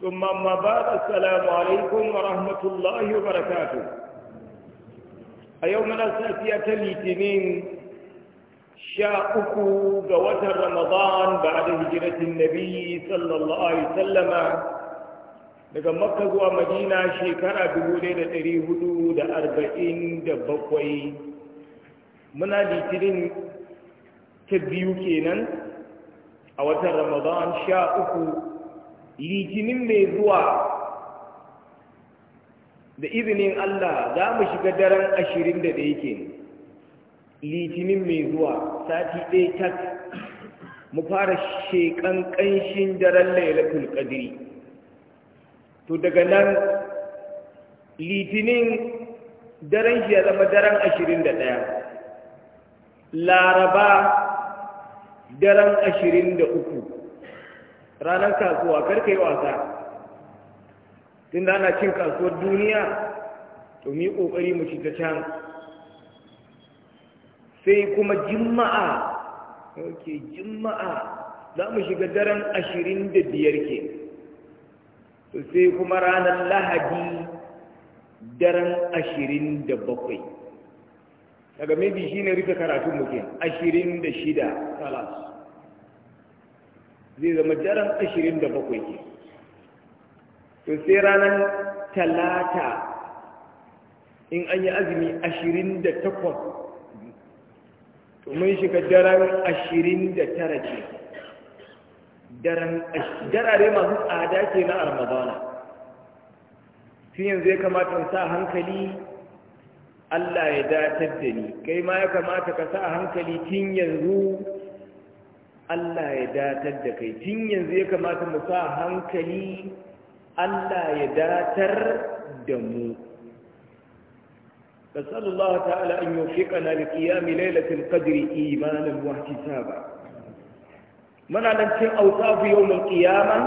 ثم ما بعد السلام عليكم ورحمة الله وبركاته أيوم الأساسية الاتنين شاءكو قوات رمضان بعد هجرة النبي صلى الله عليه وسلم لقد مكه ومدينة شكرا بولينا تري هدود أربعين دبقوي من الاتنين تبيوكينا أوات رمضان شاءكو litinin mai zuwa da izinin Allah za mu shiga daren ashirin da ɗaya ke litinin mai zuwa sati ɗaya tak mu fara shekan ƙanshin daren lailatul ƙadiri to daga nan litinin daren shi ya zama daren ashirin da ɗaya laraba daren ashirin da uku ranar kasuwa karka yi wasa tun da ana cin kasuwar duniya to mu yi ƙoƙari mu ci ta can sai kuma jima'a ok jima'a za mu shiga daren ashirin da biyar ke sai kuma ranar lahadi daren ashirin da bakwai daga maybe shi ne rufe karatun muke ashirin da shida zai zama daren ashirin da bakwai ke to sai ranar talata in an yi azumi ashirin da takwas to mun shiga daren ashirin da tara ce darare masu tsada ke na armabana tun yanzu ya kamata sa hankali Allah ya datar da ni kai ma ya kamata ka sa hankali tun yanzu Allah ya datar da kai tun yanzu ya kamata mu sa hankali Allah ya datar da mu فاسأل الله تعالى أن يوفقنا لقيام ليلة القدر إيمانا واحتسابا من على أوصاف يوم القيامة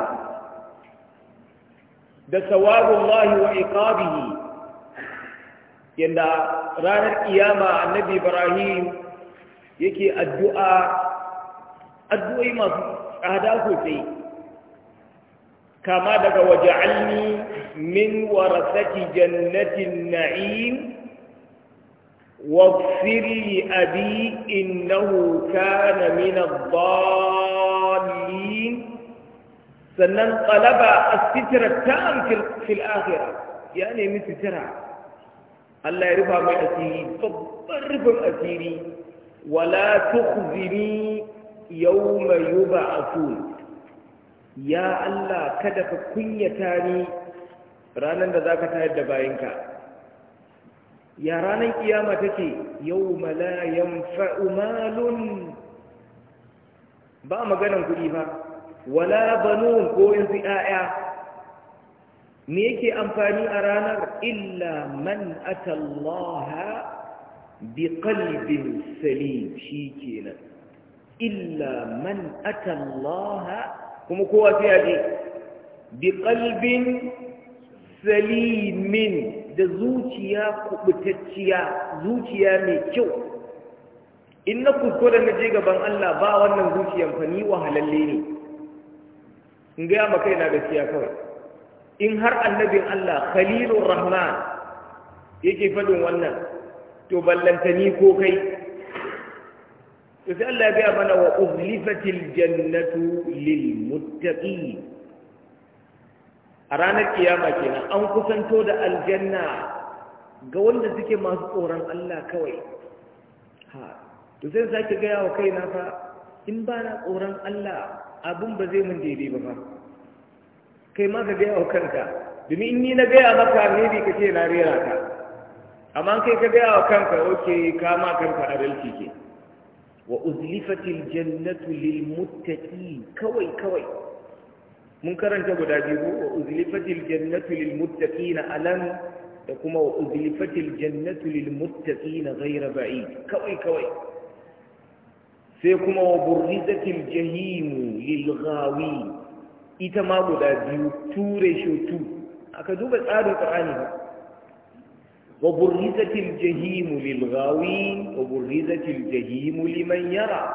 da sawabun Allah wa iqabihi yanda ranar kiyama annabi Ibrahim yake addu'a addu’ai masu tsada sosai kama daga waje alni min warasati jannatin na’im wafiri abi innahu kana min dalilin sannan talaba astitra tam fil fil ya nemi sitra Allah ya rufa mai asiri babbar rufin asiri wala tukhzini a yub'athun ya Allah kada ka kunyata ni ranar da zaka tayar da bayanka ya ranar kiyama take yau la yanfa'u ba maganan kuɗi ba wala banun ko yanzu ƴaƴa me yake amfani a ranar illa man atallaha bi qalbin salim kenan illa man atallaha kuma kowa sai ya bi qalbin salimin da zuciya kubutacciya zuciya mai kyau in na kuskure na je gaban Allah ba wannan zuciyar fa ni wahalalle ne in ga ma kaina gaskiya kawai in har annabin Allah khalilur rahman yake fadin wannan to ballantani ko kai to sai Allah ya gaya mana wa uzlifatil jannatu lil muttaqi a ranar kiyama kenan an kusanto da aljanna ga wanda suke masu tsoron Allah kawai ha to sai sake gaya wa kaina fa in ba na tsoron Allah abin ba zai mun daidai ba fa. kai ma ka gaya wa kanka domin in ni na gaya maka ne bi kace na rera ka amma kai ka gaya wa kanka oke ka ma kanka adalci ke wa uzlifatil jannatu lil muttaqin kawai kawai mun karanta guda biyu wa uzlifatil jannatu lil muttaqin alam da kuma wa uzlifatil jannatu lil muttaqin ghayra ba'id kawai kawai sai kuma wa burrizatil jahim lil ghawi ita ma guda biyu ture shutu aka duba tsarin ba. وبرزت الجحيم للغاوين وبرزت الجحيم لمن يرى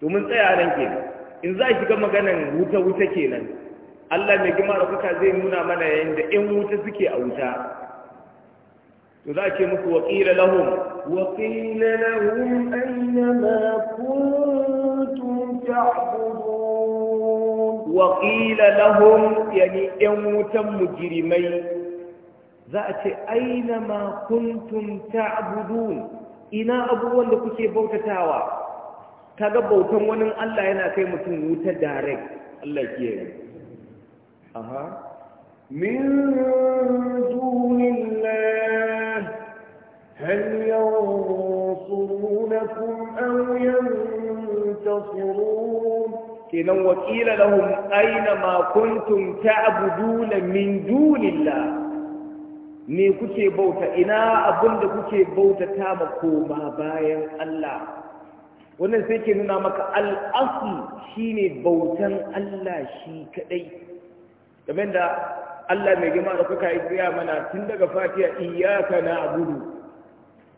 to mun tsaya nan kenan in za a shiga maganan wuta wuta kenan Allah mai gima da kuka zai nuna mana yadda in wuta suke a wuta to za a ce muku waqila lahum waqila lahum aina ma kuntum ta'budun waqila lahum yani ƴan wutan mujrimai za a ce aina ma kuntum ta'budun ina abubuwan da kuke bautatawa kaga bautan wani Allah yana kai mutum wuta direct Allah yi aha min dunillah hal yansurunakum aw yantasirun kenan wakila lahum aina ma kuntum ta'buduna min dunillah me kuke bauta ina abin da kuke bauta ta ma koma bayan Allah wannan sai ke nuna maka al'asu shine bautan Allah shi kadai kamar da Allah mai girma da kuka yi mana tun daga iyaka na na'budu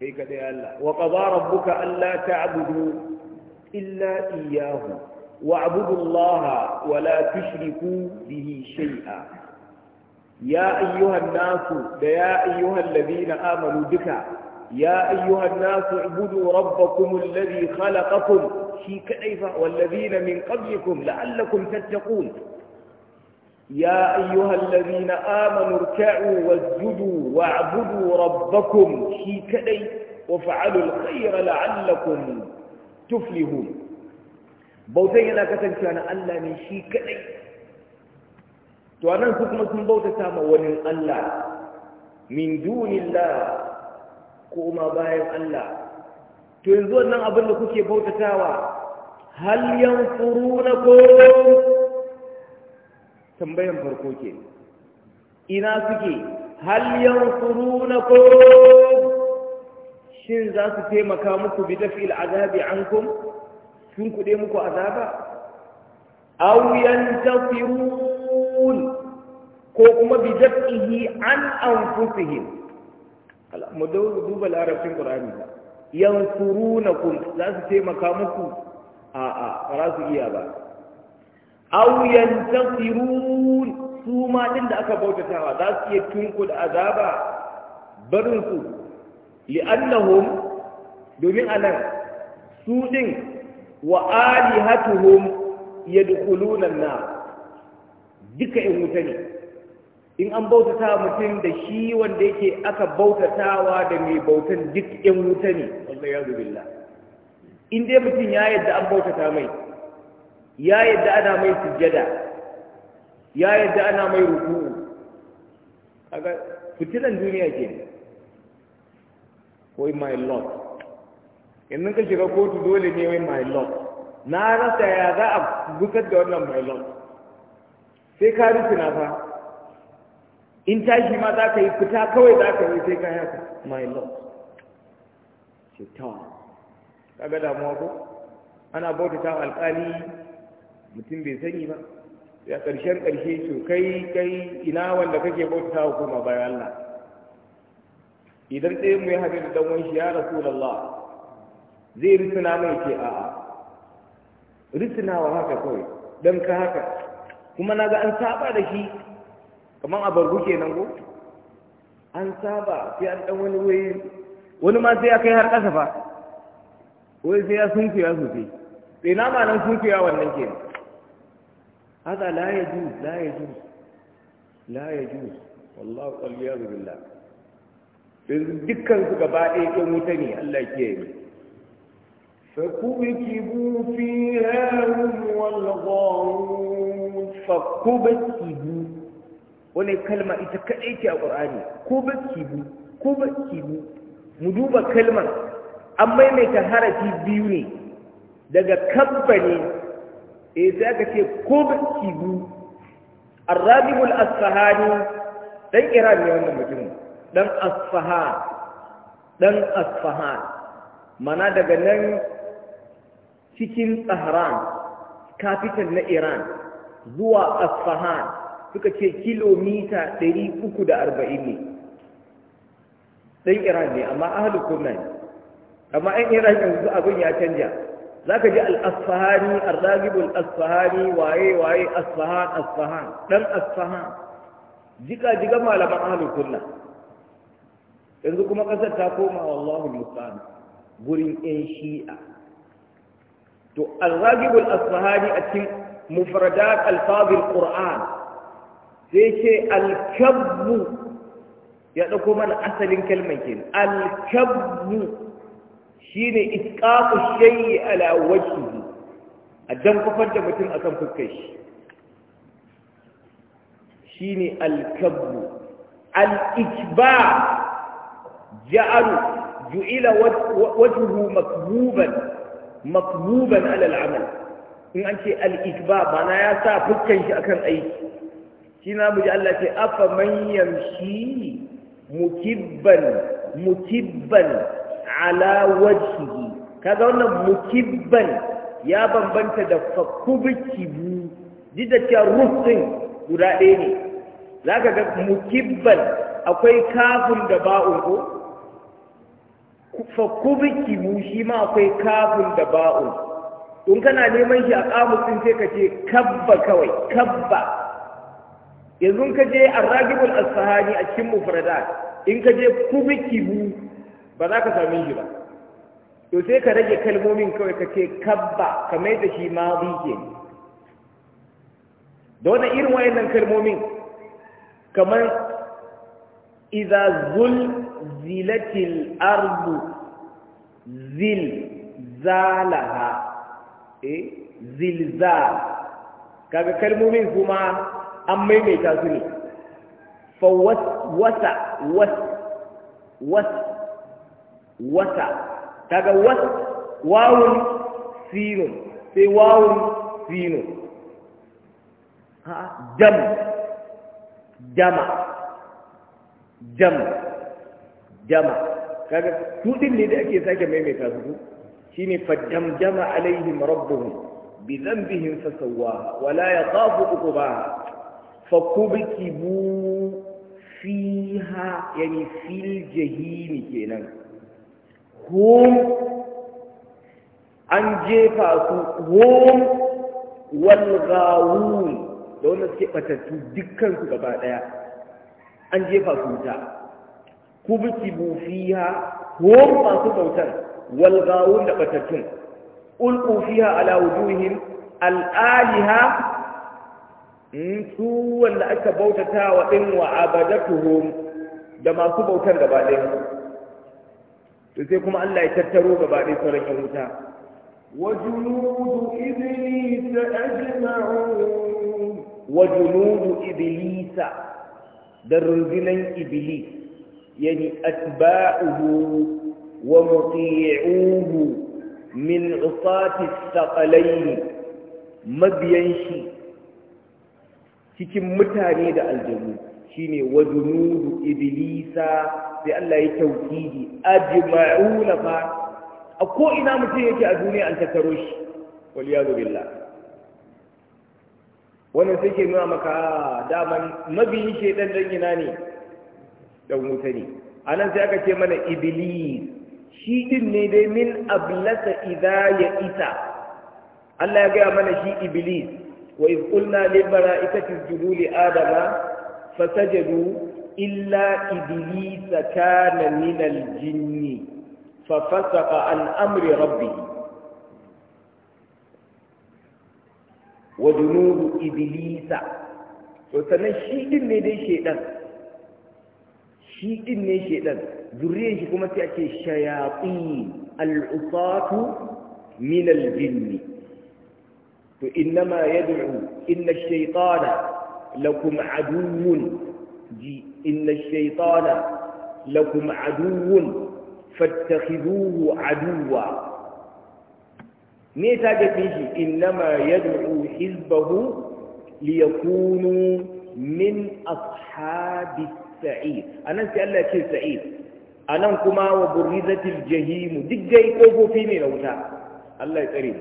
kai kadai Allah wa qadara rabbuka alla ta'budu illa iyyahu wa'budu Allah wa la tushriku bihi shay'a يا أيها الناس يا أيها الذين آمنوا بك يا أيها الناس اعبدوا ربكم الذي خلقكم في كيف والذين من قبلكم لعلكم تتقون يا أيها الذين آمنوا اركعوا واسجدوا واعبدوا ربكم في كيف وفعلوا الخير لعلكم تفلحون بوتينا كتنشان ألا من شي كيف to anan su kuma sun bauta ma wani Allah min dunillah ko ma bayan Allah to yanzu wannan abin da kuke bautatawa hal ko tambayan farko ke ina suke hal ko shin za su taimaka muku bi dafil azabi ankum sun kuɗe muku azaba aw yantafiru ko kuma bi daf'ihi an anfusihim mu duba larabcin qur'ani ba yansurunakum za su taimaka muku a a ba za su iya ba aw yantasirun su ma din da aka bautatawa za su iya tunku da azaba barin su li'annahum domin anan su din wa alihatuhum yadkhuluna an-nar duka in wuta ne in an bautata mutum da shi wanda yake aka bautatawa da mai bautan duk yan wuta ne wanda ya zubilla in dai mutum ya yadda an bautata mai ya yadda ana mai sujjada ya yadda ana mai ruku'u kaga fitilan duniya ke koi my lord in ka shiga kotu dole ne wai my lord na rasa ya za a bukar da wannan my lord sai ka rufina fa in tashi ma za ka yi fita kawai za ka yi sai ka haka my lord ce ta kaga damuwa ko ana bauta ta alƙali mutum bai sani ba ya ƙarshen ƙarshe to kai kai ina wanda kake bauta ta hukuma bayan Allah idan ɗaya mu ya haɗu da ɗan shi ya Allah zai rusuna mai ce a'a wa haka kawai don ka haka kuma na ga an saba da shi kamar a bargu kenan ko an saba sai an dan wani waye. wani ma sai ya kai har ƙasa fa wai sai ya sunkuya sosai sai na ma nan sunkuya wannan kenan hada la yajuz la yajuz la yajuz wallahu ya billah dukkan su gaba ɗaya ɗin wuta ne Allah ke yi فكبكبوا فيها wal والغارون kibu wani kalma ita kaɗai ce a kibu kubatibu kibu mu duba kalmar an maimaita harafi biyu ne daga kamfani e eh, sai aka ce kubatibu arrabihul asfahani dan iran ne wannan mutumin dan asfaha dan asfaha mana daga nan cikin tsahran kafitan na iran zuwa Asfahan suka ce kilomita 340 ne dan Iran ne amma ahli sunna ne amma ɗan Iran yanzu abin ya canja zaka ji al-Asfahani ar-Raghib al-Asfahani waye waye Asfahan Asfahan dan Asfahan jika jika malaman ahli sunna yanzu kuma kasar ta koma wallahu musta'an gurin yan shi'a to al-Raghib al-Asfahani a cikin مفردات الفاظ القرآن سيشي الكب يأتكم من كلمتين الكب شين إسقاط الشيء على وجهه الدم كفر متين أكم فكش شين الكب الاتباع جعل جعل وجهه مكبوبا مكبوبا على العمل in an ce al ba na ya sa fuskan shi akan aiki shi na buji Allah ce afa manyan shi mukibban mukibban ala wajhihi kaga wannan mukibban ya bambanta da fakubikibu duk da cewa rufin guda ɗaya ne za ka ga mukibban akwai kafin da ba'un ko bu shi ma akwai kafin da ba'un in kana neman shi a kamusin sai ka ce kabba kawai kabba yanzu ka je arragibul asfahani a cikin mufradat in ka je bu ba za ka same shi ba to sai ka rage kalmomin kawai ka ce kabba ka mai da shi ma ke da wani irin wayannan kalmomin kamar iza zul zilatil ardu zil zalaha eh zilzal kaga kalmomin kuma an maimaita su ne fa wasa was was wasa kaga was wawun sinu sai wawun sinu ha dam dama dam dama kaga tudin ne da ake sake maimaita su shine faddamdama alaihim rabbuhum bi dhanbihim fasawwaha wa la yaqafu uqubaha fakubikibu fiha yani fil jahimi kenan hum an jefa su hum wal gawun da wanda suke batattu dukkan su gaba daya an jefa su ta kubikibu fiha hum masu bautar والغاوون لقتتون ألقوا فيها على وجوههم الآلهة سوى لأك بوتتا وإن وعبدتهم دما سوى بوتا تسيكم الله يتتروا ببعدي سورة كموتا وجنود إبليس أجمعون وجنود إبليس ذا إبليس يعني أتباعه ومطيعوه من عصاة الثقلين مبيان شي cikin mutane da aljanu shine wa junudu iblisa sai Allah ya tauhidi ajma'una fa a ko ina mutum yake a duniya an tattaro shi wal yadu billah wannan sai ke nuna maka daman mabiyin shedan dan ina ne dan wuta ne anan sai aka ce mana iblis shi din ne dai min ablasa idza ya isa Allah ya gaya mana shi iblis wa iz qulna lil malaikati isjudu li adama fasajadu illa iblis kana min al jinni fa fasaqa an amri rabbih wa junudu iblisa to sanan shi din ne dai shedan shi din ne shedan ذريه كما تأتي الشياطين العصاة من الجن فإنما يدعو إن الشيطان لكم عدو إن الشيطان لكم عدو فاتخذوه عدوا نتاجة فيه إنما يدعو حزبه ليكونوا من أصحاب السعيد أنا سألت سعيد a nan kuma wa burrizatil jahimu duk dai ƙofofi ne na wuta Allah ya tsare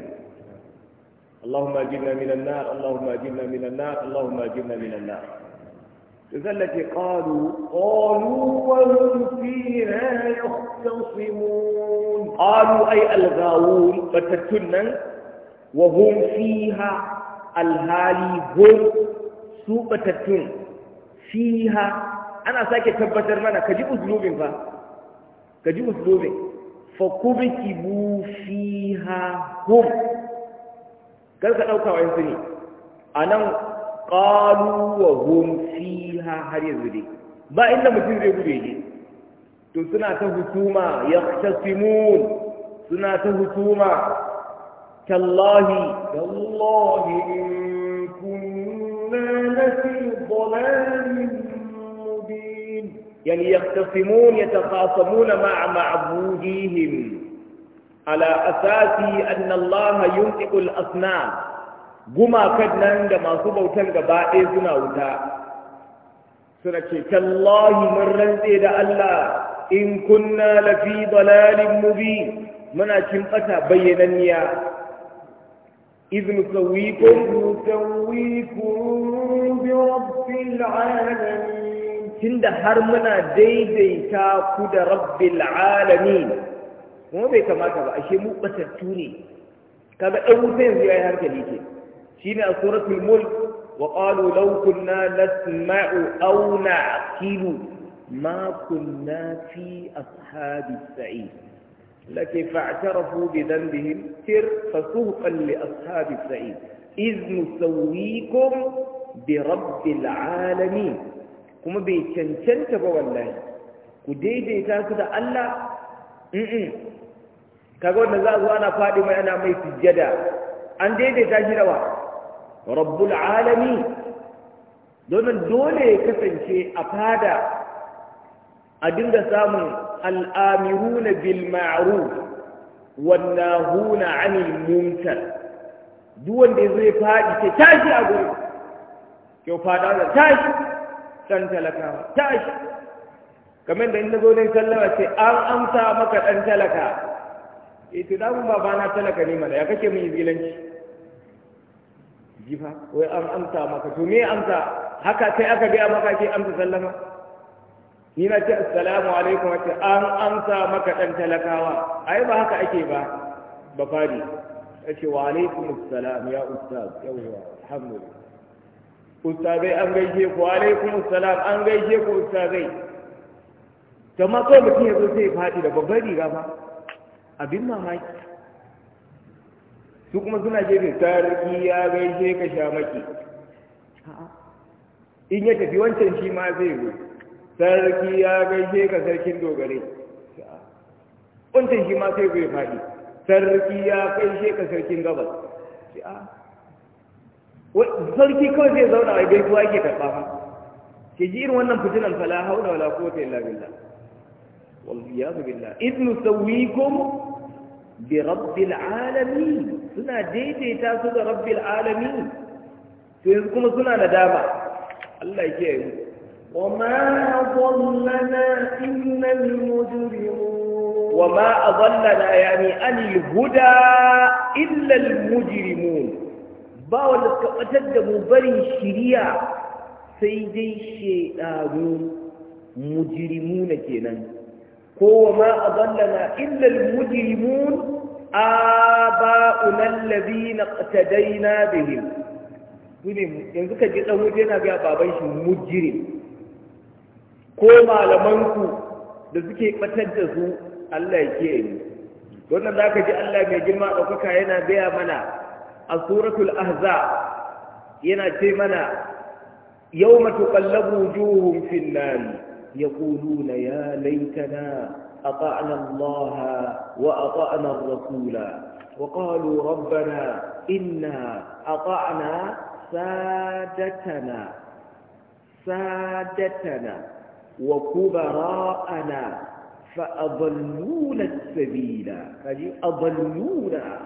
اللهم اجرنا من النار اللهم اجرنا من النار اللهم اجرنا من النار التي قالوا قالوا وهم فيها يختصمون قالوا اي الغاوون فتتنن وهم فيها الهالي هم سوء فتتن فيها انا ساكت تبتر منا كجي اسلوب فا ka ji dobe. fa kubkibu fiha hum kar ka ɗauka wai yanzu ne anan nan, ƙaruwa hum fiha har yanzu ne. ba inda mutum zai gube ne to suna ta hutuma yaqtasimun suna ta hutuma tallahi tallahi in kunna lafi dhalalin يعني يختصمون يتخاصمون مع معبوديهم على أساس أن الله ينطق الأصنام جما كدنا عندما صبوا تنقبا إذنا وتا سنة تالله من رنزي الله in kunna lafi dalalin mubin muna cin ƙasa bayyananniya izin sauwikun sauwikun bi rabbil alamin tunda har muna daidaita ku da rabbil alamin kuma bai kamata ba ashe mu batattu ne kaga dan wuta yanzu yayi har hankali ke shine a suratul mulk wa qalu law kunna nasma'u aw na'qilu ma kunna fi ashabis sa'id laki fa'tarafu bi dhanbihim sir بذنبهم li فسوقا sa'id السعيد إذ bi rabbil alamin kuma bai cancanta ba wallahi ku daidaita su da Allah mm kaga wanda za a zo ana faɗi mai ana mai sujjada an daidaita shi da wa rabbul alami domin dole ya kasance a fada a dinga samun al'amiruna bil ma'ruf wan huna 'anil munkar duk wanda zai faɗi ta tashi a gurin kyau fada da tashi ɗan talakawa tashi kamar da inda gudun sallama ce an amsa maka ɗan talaka ita eh, ba babana talaka ne mana ya kake mun izgilanci jifa wai an amsa maka to me amsa haka sai aka biya maka ke amsa sallama ni na ce assalamu alaikum wace an amsa maka ɗan talakawa ai ba haka ake ba ba fari ya ce wa alaikum assalam ya ustaz yawwa alhamdulillah ustazai an gaishe ku alaikum salam an gaishe ku ustazai ma ko mutum ya zo sai faɗi da babban riga ba abin mamaki su kuma suna jefe sarki ya gaishe ka sha maki in ya tafi wancan shi ma zai zo sarki ya gaishe ka sarkin dogare wancan shi ma sai zai faɗi sarki ya gaishe ka sarkin gabas sarki kawai zai zauna a gaisuwa yake karɓa fa ke ji irin wannan fitinan fala haula wala quwwata illa billah wal iyadu billah idnu sawwikum bi rabbil alamin suna daidaita su da rabbil alamin to yanzu kuma suna nadama Allah ya kiyaye mu وما أضلنا إلا المجرمون وما أضلنا يعني عن الهدى إلا المجرمون ba wanda suka batar da mu barin shiriya sai dai shaidaru mujirimuna kenan kowa ma a zallana illal mujrimun aba'una allazina qatadaina bihim dole yanzu ka ji ɗan waje na ga baban shi mujrim ko malamanku da suke batar da su Allah ya kiyaye wannan zaka ji Allah mai girma ɗaukaka yana biya mana الصورة الأهزاء ينأتي منا يوم تقلب وجوههم في النار يقولون يا ليتنا أطعنا الله وأطعنا الرسول وقالوا ربنا إنا أطعنا سادتنا سادتنا وكبراءنا فأضلونا السبيل أضلونا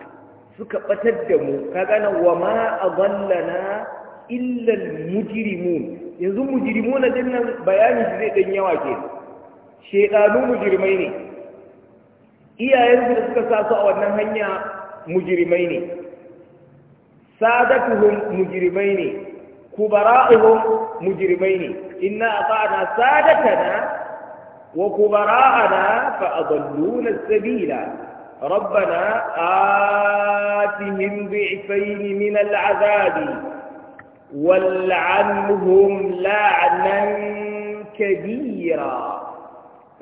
suka batar da mu ka gane wa ma adallana illan almujrimun yanzu mujrimun na nan bayani zai ɗan yawa ke shedanu mujrimai ne iyayen da suka sa su a wannan hanya mujrimai ne sadatuhum mujrimai ne kubara'uhum mujrimai ne inna ata'na sadatana wa kubara'ana fa na sabila ربنا آتهم ضعفين من العذاب والعنهم لعنا كبيرا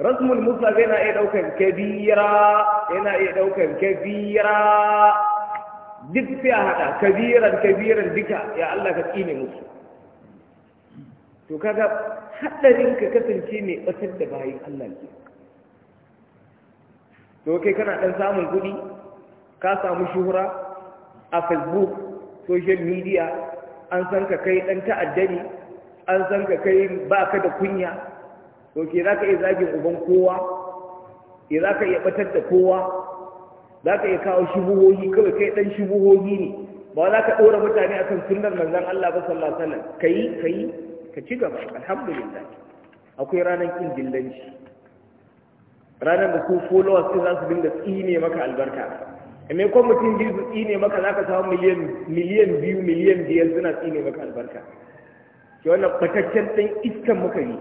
رسم المصحف هنا يدوك إيه كبيرا هنا يدوك إيه كبيرا دك في هذا كبيرا كبيرا بك يا الله كتيم مصحف تو كذا حتى ذنك كتنشيني أسد بهاي الله كبيرا to kai kana ɗan samun kuɗi ka samu shuhura a facebook social media an san ka kai ɗan ta'adda ne an san ka kai baka da kunya to ke za ka iya zagin uban kowa ke za ka iya ɓatar da kowa za ka iya kawo shubuhohi kawai kai ɗan shubuhohi ne ba za ka ɗora mutane akan sunnar manzon Allah ba sallallahu alaihi wasallam kayi kai ka ci gaba alhamdulillah akwai ranar kin dillanci ranar da su followers din za su dinga tsine maka albarka a maimakon mutum biyu su tsine maka za ka samu miliyan biyu miliyan biyar suna tsine maka albarka ke wannan fataccen ɗan iskan muka yi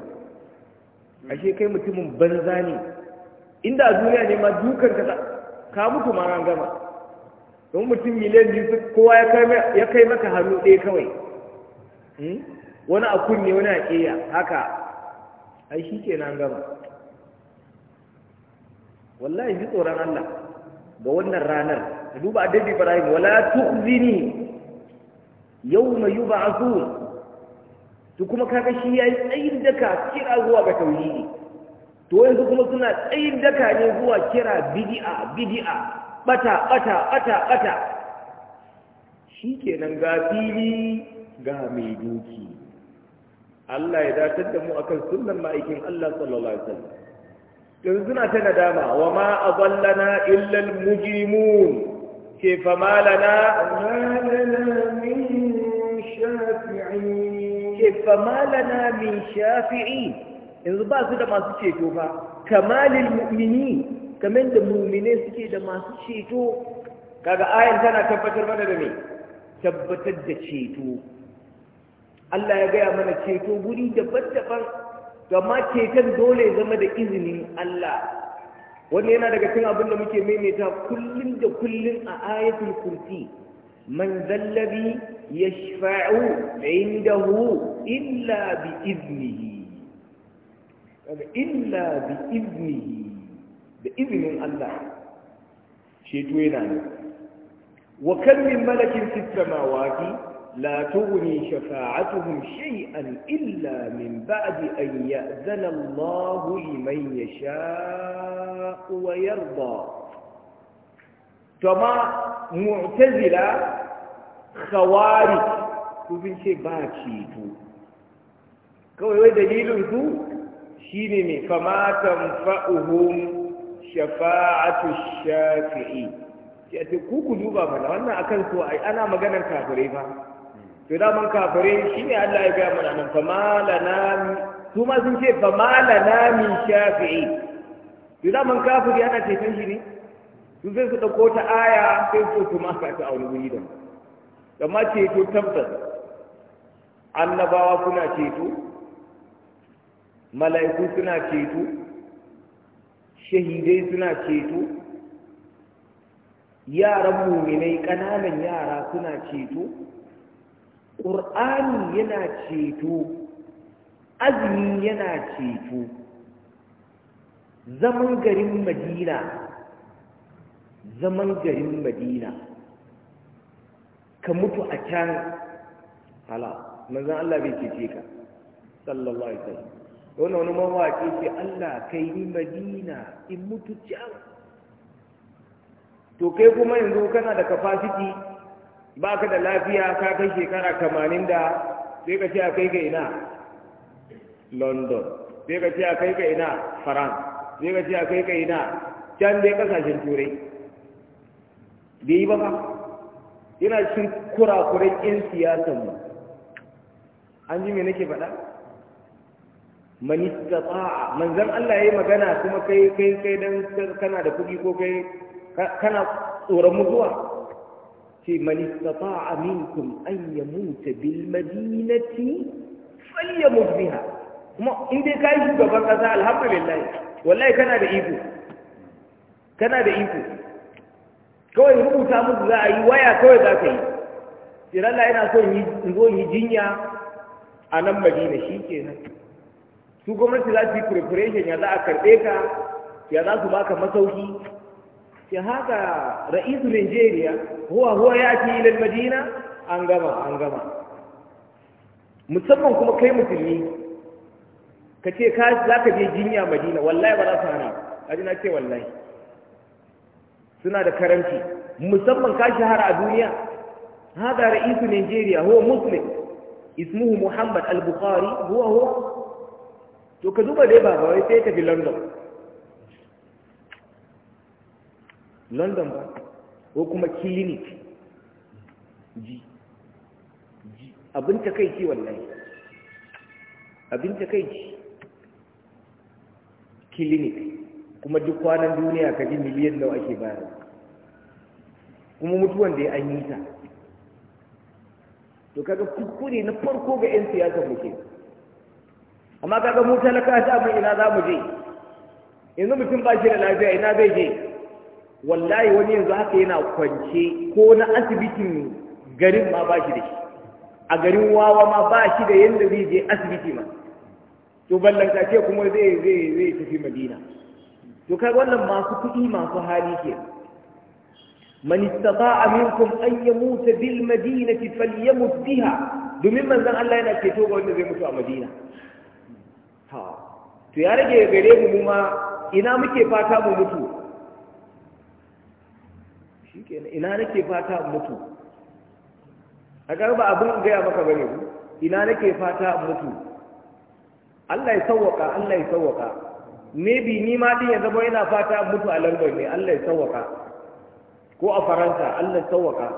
ashe kai mutumin banza ne inda a duniya ne ma dukan ka ka mutu ma an gama don mutum miliyan biyu kowa ya kai maka hannu ɗaya kawai hmm? wani a kunne wani a ƙeya haka ai shi ke nan gama wallahi ji tsoron Allah ga wannan ranar da duba addabi Ibrahim wala tukhzini yawma yub'athun to kuma kaga shi yayi tsayin daka kira zuwa ga tauhidi to yanzu kuma suna tsayin daka ne zuwa kira bid'a bid'a bata bata bata bata shikenan ga fili ga mai doki Allah ya datar da mu akan sunnan ma'aikin Allah sallallahu alaihi wasallam yanzu suna ta nadama wa ma a illa al-mujrimun ke fama lana min shafi'i yanzu ba su da masu ceto ba kamalin mu'mini kamar da mu'mine suke da masu ceto kaga ayan tana tabbatar mana da me tabbatar da ceto Allah ya gaya mana ceto guri daban-daban Gama ceton dole zama da izinin Allah wanda yana daga cin abin da muke maimaita kullum da kullum a ayatul kursi man zallabi yashfa'u indahu illa bi iznihi illa bi iznihi da izinin Allah ceto yana ne wa kan min malakin fis samawati لا تغني شفاعتهم شيئا إلا من بعد أن يأذن الله لمن يشاء ويرضى كما معتزلة خوارج كفن شيء باكيت كوي دليل ذو شيني فما تنفعهم شفاعة الشافعين يأتي كوكو جوبا من أنا أكلت أنا مجانا كافرين to da man kafare ne Allah ya ga mana nan malana su ma sun ce malana min shafi'i to da man kafiri ana ce san shi ne su sai su dauko ta aya sai su kuma ka ta aure wuri da amma ceto tabbas annabawa kuna ceto mala'iku suna ceto shahidai suna ceto yaran muminai ƙananan yara suna ceto ƙur'ani yana ceto azumi yana ceto zaman garin madina zaman garin madina ka mutu a can hala manzan Allah bai cece ka sallallahu alaihi wasallam wannan wani mawaƙi ce Allah kai ni madina in mutu can to kai kuma yanzu kana da capacity ba ka da lafiya ka kai shekara tamanin da sai ka ce a kai ka ina london sai ka ce a kai ka ina france sai ka ce a kai ka ina can dai kasashen turai da yi ba ba yana cikin kurakurai 'yan mu an ji me nake faɗa manistata'a manzan Allah yi magana kuma kai kai kai don kana da kuɗi ko kai kana tsoron mutuwa ce man istata'a minkum an yamuta bil madinati falyamut mubiha kuma in dai yi shugaban kasa alhamdulillah wallahi kana da iko kana da iko kawai rubuta musu za a yi waya kawai za ka yi tirala yana son in zo yi jinya a nan madina shi kenan su gwamnati za su yi preparation ya za a karɓe ka ya za su baka masauki huwa huwa ya ce هو madina an gama An gama. musamman kuma kai musulmi ka ce ka za ka je jinya madina wallahi ba za su hana a jina na ce wallahi suna da karanci musamman ka shahara a duniya haka ra'isu nigeria huwa muslim ismuhu muhammad al-bukhari huwa huwa to ka zuba dai ba wai sai ka fi london london ba ko kuma clinic ji ta abin takaici wallahi abin takaici clinic kuma duk kwanan duniya ka ji miliyan nawa ake bayar kuma mutuwan da ya an yi ta to kaga kukuri na farko ga 'yan siyasar muke amma kaga mu talaka ta mu ina za mu je yanzu mutum ba shi da lafiya ina zai je wallahi wani yanzu haka yana kwance ko na asibitin garin ma ba shi da shi a garin wawa ma ba shi da yadda zai je asibiti ma to ballanta ce kuma zai zai zai tafi madina to kai wannan masu kuɗi masu hali ke man istata'a minkum an yamuta bil madinati falyamut biha domin manzon Allah yana ceto ga wanda zai mutu a madina ha to ya rage gare mu ma ina muke fata mu mutu ina nake fata mutu a garba abin gaya maka bane ina nake fata mutu Allah ya sawwaka Allah ya sawwaka maybe ni ma din ya zama yana fata mutu a London ne Allah ya sawwaka ko a Faransa Allah ya sawwaka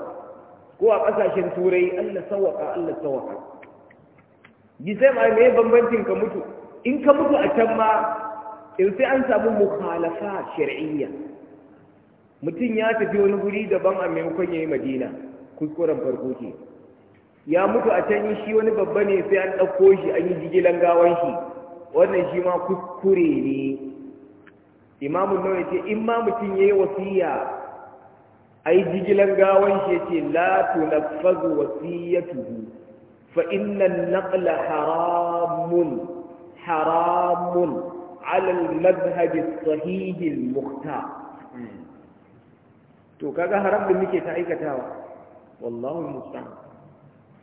ko a kasashen turai Allah ya sawwaka Allah ya sawwaka sai mai me bambancin ka mutu in ka mutu a can ma in sai an samu mukhalafa shar'iyya mutum ya tafi wani guri daban a maimakon ya yi madina kuskuren farko ke ya mutu a can shi wani babba ne sai an ɗauko shi an yi jigilan gawan shi wannan shi ma kuskure ne imamun nawa ce in ma mutum ya yi wasiya a yi jigilan gawan shi ya ce la tunaffazu wasiyatuhu fa inna naqla haramun haramun ala al sahihin as to kaga haram din muke ta aikatawa wallahu musta'an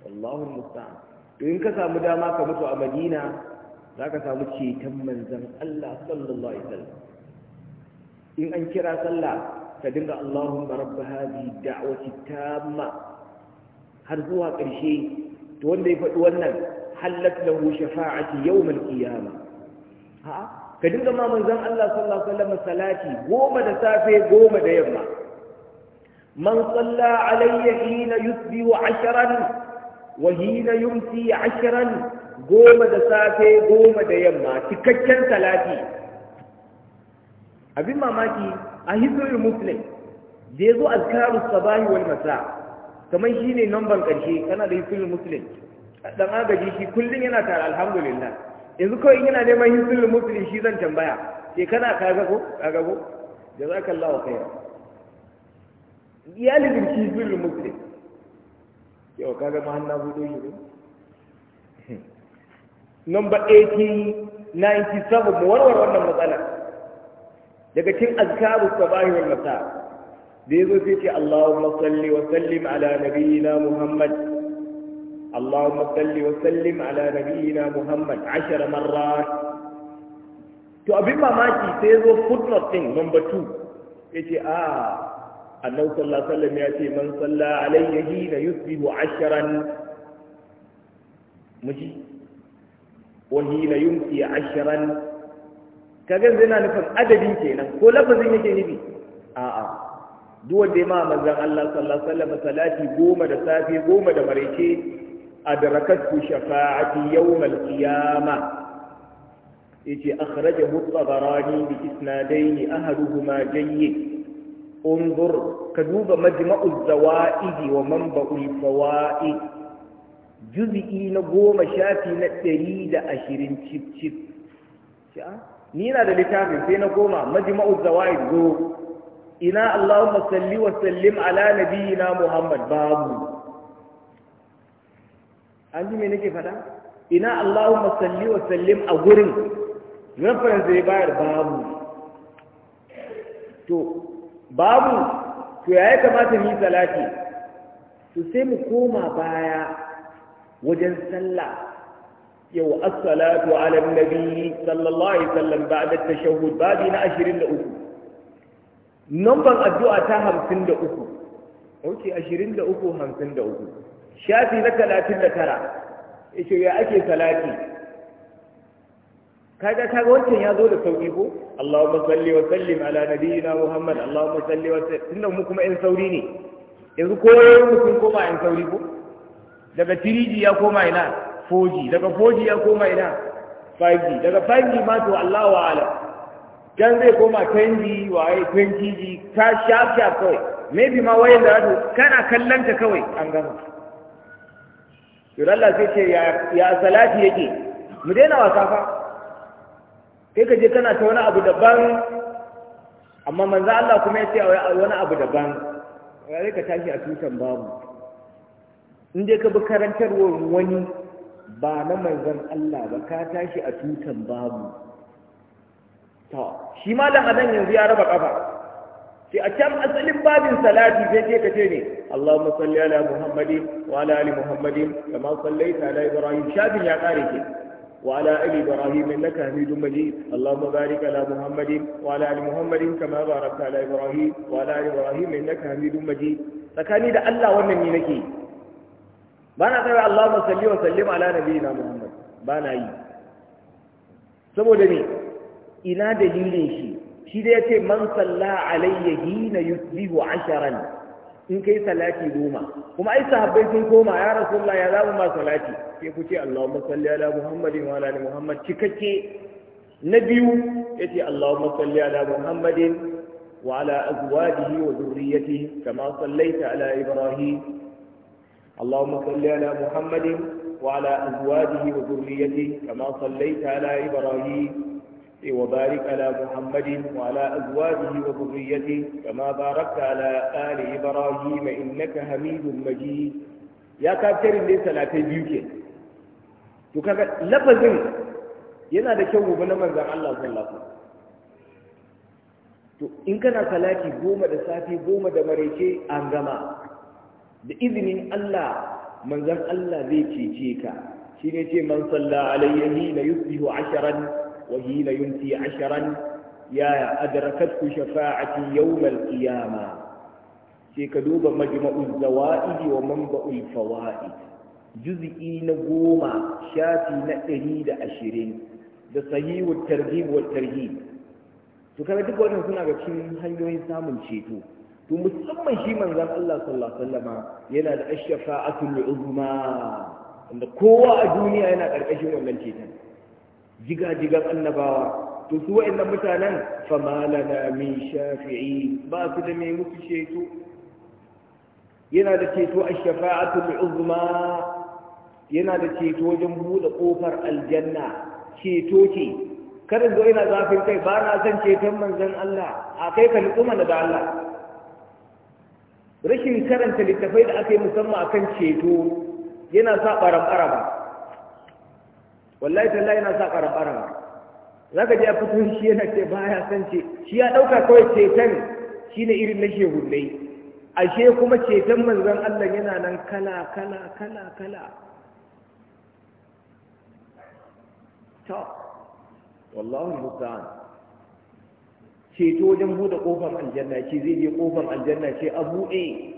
wallahu musta'an to in ka samu dama ka mutu a Madina zaka samu ceton manzon Allah sallallahu alaihi wasallam in an kira sallah ka dinga Allahumma rabb hadhihi da'wati tamma har zuwa ƙarshe to wanda ya faɗi wannan hallat lahu shafa'ati yawmal qiyamah ha ka dinga ma manzon Allah sallallahu alaihi wasallam salati goma da safe goma da yamma من صلى علي حين يتبع عشرا وحين يمسي عشرا قوم دساتي قوم ديما تكتشن ثلاثي abin mamaki a history muslim da zo azkaru sabahi wal kamar shi ne namban ƙarshe kana da history muslim dan agaji shi kullum yana tara, alhamdulillah yanzu kawai yana neman history muslim shi zan tambaya sai kana kaga ko ko ya libirci birnin muslim yau kaga ma hannu buɗe shi ne number 1897 mu warware wannan matsala daga cin azkaru sabahi wal masa da yazo sai ce Allahumma salli wa sallim ala nabiyyina Muhammad Allahumma salli wa sallim ala nabiyyina Muhammad 10 marra to abin mamaki sai yazo footnote din number 2 yace a ah, annabi sallallahu alaihi wasallam ya ce man salla alayya hina yusbihu ashran muji wa hina yumsi ashran kaga zina nufin adadin kenan ko lafazin yake nufi a'a duk wanda ya ma manzon Allah sallallahu alaihi wasallam salati goma da safe goma da maraice adrakatku shafa'ati yawmal qiyamah yace akhrajahu at-tabarani bi isnadayn ahaduhuma jayyid انظر كدوب مجمع الزوائد ومنبع الفوائد جزئي نقوم شافي نتريد أشرين شب شب ni na da littafin sai na koma majma'u zawaid zo ina Allahumma salli wa sallim ala nabiyyina Muhammad babu an ji me nake faɗa ina Allahumma salli wa sallim a gurin reference zai bayar babu to babu to ya kamata mu yi salati to sai mu koma baya wajen sallah yau as-salatu ala nabi sallallahu alaihi wasallam ba'da tashahhud babi na 23 namban addu'a ta 53 oke 23 53 shafi na 39 yace ya ake salati kaga kaga wancan ya zo da sauri ko Allahumma salli wa sallim ala nabiyyina Muhammad Allahumma salli wa sallim tunda mu kuma in sauri ne yanzu ko mu sun koma in sauri ko daga 3G ya koma ina 4G daga 4G ya koma ina 5G daga 5G ma to Allah wa ala dan zai koma 10G wa ai 20G ka kawai maybe ma wayan da zato kana kallon kawai an gama to sai ce ya salati yake mu daina wasa fa kai ka je kana ta wani abu daban amma manzo Allah kuma ya ce wani abu daban sai ka tashi a tutan babu Inda ka bi karantarwar wani ba na manzon Allah ba ka tashi a tutan babu to shi malam adan yanzu ya raba kafa sai a can asalin babin salati sai ce kace ne Allahumma salli ala Muhammadin wa ala ali Muhammadin kama sallaita ala Ibrahim shafin ya kare ke وعلى آل إبراهيم إنك حميد مجيد اللهم بارك على محمد وعلى آل محمد كما باركت على إبراهيم وعلى آل إبراهيم إنك حميد مجيد فكاني ده الله wannan ni nake bana sai Allahumma salli wa sallim ala nabiyina Muhammad bana yi saboda ne ina dalilin shi shi da ce man salla alayya hina yusbihu asharan in kai salati goma kuma ai sahabbai sun koma ya rasulullah ya zamu ma salati sai ku ce Allahumma salli ala Muhammadin wa ala Muhammad cikakke na biyu yace Allahumma salli ala Muhammadin wa ala azwajihi wa dhurriyyatihi kama sallaita ala Ibrahim Allahumma salli ala Muhammadin wa ala azwajihi wa dhurriyyatihi kama sallaita ala Ibrahim وبارك على محمد وعلى أزواجه وذريته كما باركت على آل إبراهيم إنك حميد مجيد يا كافر ليس لا تبيك تكاك لفظين yana da kyau gobe na manzan Allah sallallahu to in kana salati goma da safe goma da maraice an gama da izinin Allah manzan Allah zai cece ka shine ce man salla alayhi la yusbihu asharan وهيل ينتي عشرا يا أدركته شفاعتي يوم القيامة سيكدوب مجمع الزوائد ومنبأ الفوائد جزئي نقوم شاتي نأهيد أشرين ده صحيح والترهيب to duk wannan suna ga cikin hanyoyin samun ceto to musamman shi manzon Allah sallallahu alaihi wasallama yana da ashfa'atul uzma wanda kowa a duniya yana karkashin wannan ceton jigajigan annabawa to su wa'annan mutanen famalana min shafi'i ba su da mai musu ceto yana da ceto a shafa'atul uzma yana da ceto wajen buɗe ƙofar aljanna ceto ce kada zo ina zafin kai ba na san ceton manzon Allah a kai ka liƙuma da Allah rashin karanta littafai da aka yi musamman akan ceto yana sa ɓaram-ɓarama wallahi tallahi yana sa ƙarƙaran za ka je a fito shi yana ce baya san ce shi ya ɗauka kawai ceton shi ne irin na shehunai ashe kuma ceton manzon Allah yana nan kala kala kala kala to ceto wajen buɗe ƙofar aljanna ce zai je ƙofar aljanna ce a buɗe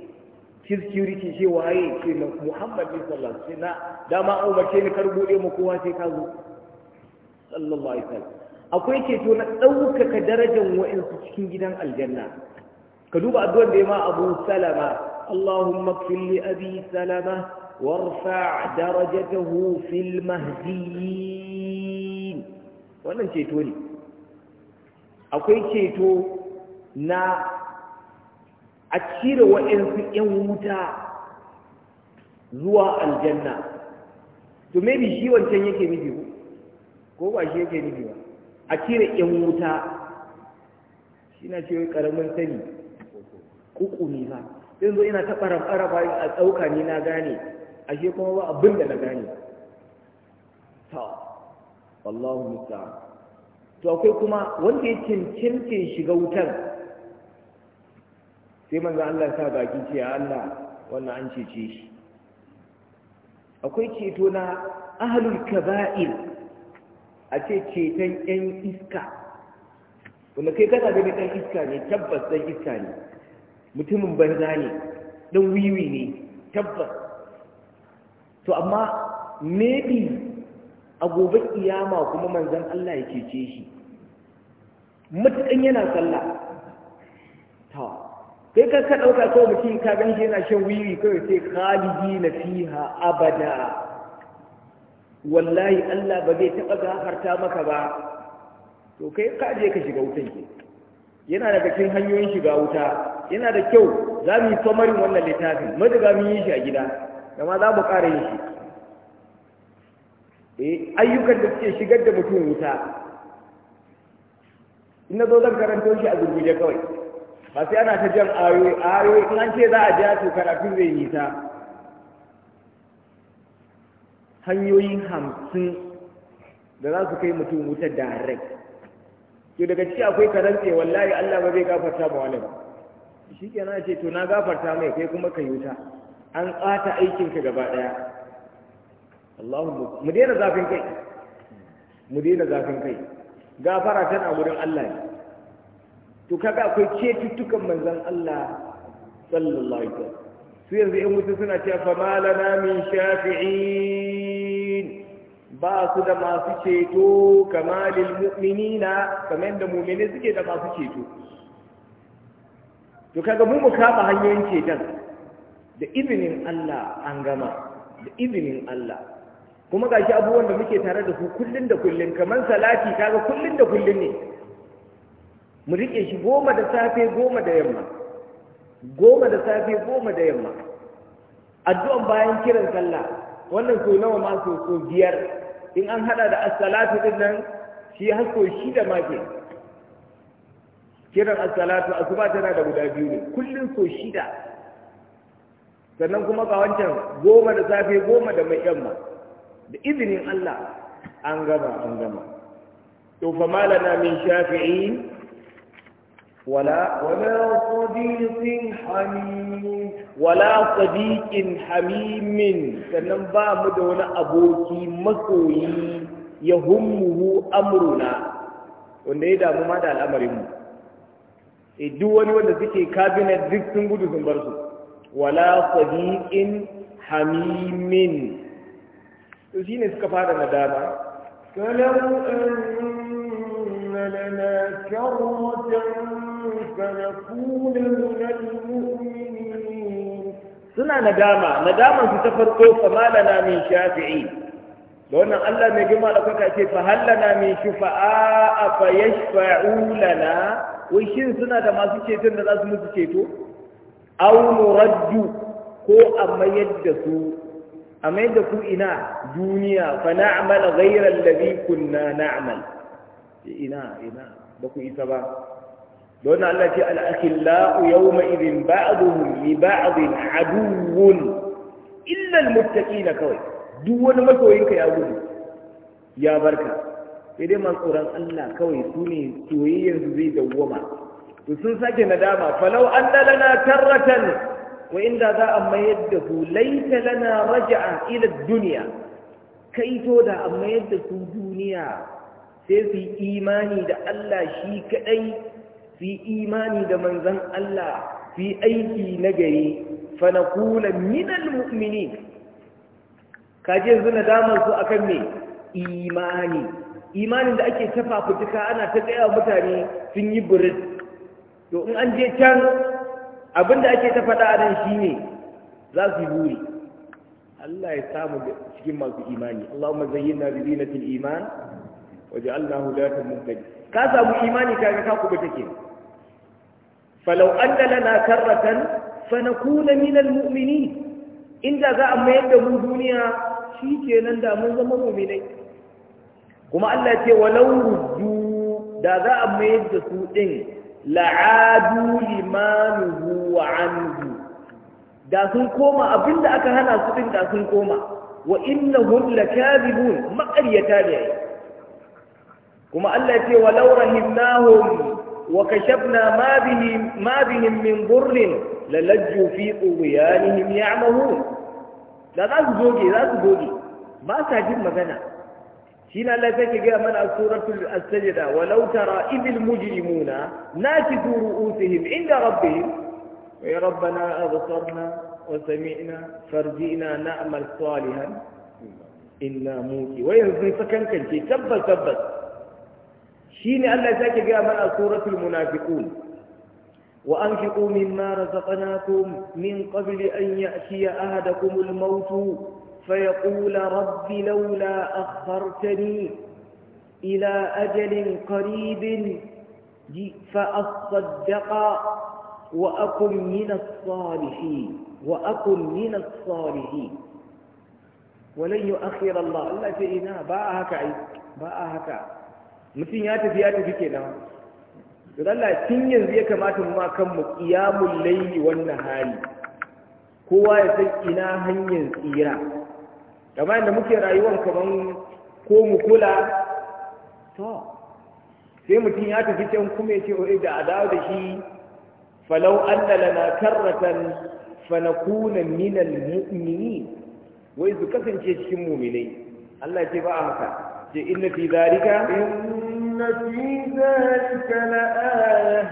security ce waye ce Muhammad ne sallallahu alaihi na dama an umarce ni kar bude mu kowa sai ka zo sallallahu alaihi wasallam akwai ceto na ɗaukaka darajar wa'insu cikin gidan aljanna ka duba addu'ar da ya ma Abu Salama Allahumma kfir li abi Salama warfa darajatahu fil mahdiyyin wannan ceto ne akwai ceto na a cire waɗansu 'yan wuta zuwa aljanna to maybe shi wancan yake nufi ko ba shi yake nufi ba a cire 'yan wuta shi na ce ƙaramin sani kuku ne ba zo ina rafara ba a ɗauka ni na gane ashe kuma ba abin da na gane ta wallahu musta to akwai kuma wanda ya cancance shiga wutar sai manzo Allah sa baki ce ya Allah wannan an cece shi akwai ceto na ahlul kaba'ir a ce ceton yan iska wanda kai kasa da dan iska ne tabbas dan iska ne mutumin banza ne dan wiwi ne tabbas to amma maybe a gobe kiyama kuma manzon Allah ya cece shi mutukan yana sallah tawa. kai ka ka ɗauka kawai mutum ka gan shi yana shan wiwi kawai sai khalidi na fiha abada wallahi Allah ba zai taɓa gafarta maka ba to kai ka je ka shiga wutan ki. yana daga cikin hanyoyin shiga wuta yana da kyau za mu yi samarin wannan littafin daga mun yi shi a gida amma za mu ƙara yin shi eh ayyukan da suke shigar da mutum wuta Ina na zo zan karanto shi a gurguje kawai ba sai ana ta jan ayoyi ayoyi in an ce za a ja to karatun zai yi ta hanyoyi hamsin da za su kai mutum wuta direct to daga ciki akwai karantse wallahi Allah ba zai gafarta ba wani ba shi kenan ce to na gafarta mai kai kuma ka yi an tsata aikinka gaba ɗaya Allahu mu daina zafin kai mu daina zafin kai gafara tana wurin Allah ne to kaga akwai cetuttukan manzan Allah sallallahu alaihi wasallam su yanzu in mutu suna cewa fa malana min shafi'in ba su da masu ceto kamalil mu'minina kamar da mu'mini suke da masu ceto to kaga mu mu kama hanyoyin ceton da izinin Allah an gama da izinin Allah kuma gashi abubuwan da muke tare da su kullun da kullun kamar salati kaga kullun da kullun ne mu riƙe shi goma da safe goma da yamma goma da safe goma da yamma addu'an bayan kiran sallah wannan so nawa ma so so biyar in an hada da as-salatu din nan shi har so shida ma ke kiran as-salatu asuba tana da guda biyu ne kullun so shida sannan kuma ga wancan goma da safe goma da mai yamma da izinin Allah an gama an gama to fa malana min shafi'in Wala sadiqin Hamimin sannan ba mu da wani aboki masoyi ya hummuhu amruna wanda ya damu ma da al'amarinmu e duk wani wanda suke Kabinet duk sun gudu sun bar su wala sadiqin hamimin to shine suka fara nadama kalam anna lana karratan فنكون من المؤمنين سنة ندامة ندامة في تفرقه فما لنا من شافعين لأن الله نجمع لك كيف فهل لنا من شفعاء فيشفعوا لنا وشين سنة ما سيشيتون لازم سيشيتو أو نرد ko a mayar da su a mayar da ku ina duniya fa na'mal ghayra alladhi kunna na'mal ina ina ba ku isa ba don Allah ce al'akillahu yau ma'irin ba'aduhun li ba'adun aduwun illal muttaki na kawai duk wani masoyinka ya gudu ya barka sai dai masu tsoron Allah kawai su ne soyayyarsu zai dawwama to sun sake nadama falau an dalana tarratan wa inda za a mayar da su laita lana raja'a ila duniya kai to da a mayar da su duniya sai su yi imani da Allah shi kaɗai fi imani da manzan Allah su aiki na gari kula minal mu'mini kaje yanzu na damar su akan me imani imanin da ake tafa fituka ana ta tsaya mutane sun yi burin to in an je can abinda ake ta faɗa a nan shine za su yi buri Allah ya samu cikin masu imani Allahumma zayyinna bi zinatil iman waj'alna hudatan muhtadin ka samu imani ga ka kubuta kenan falau na da lana na fanakuna minal mu'mini inda za a mayar da mu duniya shi kenan da mun zama mu'minai kuma Allah ce walau ruddu da za a mayar da su din la'adu limanuhu wa anhu da sun koma abinda aka hana su din da sun koma wa innahum lakadibun maƙaryata ne kuma Allah ce walau rahimnahum وكشفنا ما بهم, ما بهم من ضر للجوا في طغيانهم يعمهون لا تاسو زوجي لا تاسو زوجي ما ساجد مغنى شين الله يسكي من السورة السجدة ولو ترى إذ المجرمون ناكثوا رؤوسهم عند ربهم يا ربنا أبصرنا وسمعنا فرجئنا نعمل صالحا إنا موتي ويهزني سكن كنتي تبت تبت shine Allah ya sake gaya mana suratul munafiqun wa anfiqu mimma razaqnakum min qabli an ya'tiya ahadakumul maut فيقول رب لولا أخرتني إلى أجل قريب فأصدق وأكن من الصالحين وأكن من الصالحين ولن يؤخر الله الله في إنا باء هكا باء هكا mutum ya tafi ya tafi kenan to Allah tun yanzu ya kamata mu ma kanmu qiyamul layli wan nahari kowa ya san ina hanyar tsira kamar yadda muke rayuwar kaman ko mu kula to sai mutum ya tafi can kuma ya ce o da adawa da shi falau anna lana karratan fanakuna minal mu'minin wai su kasance cikin mu'minai Allah ce ba haka ce inna fi zalika inna fi zalika aya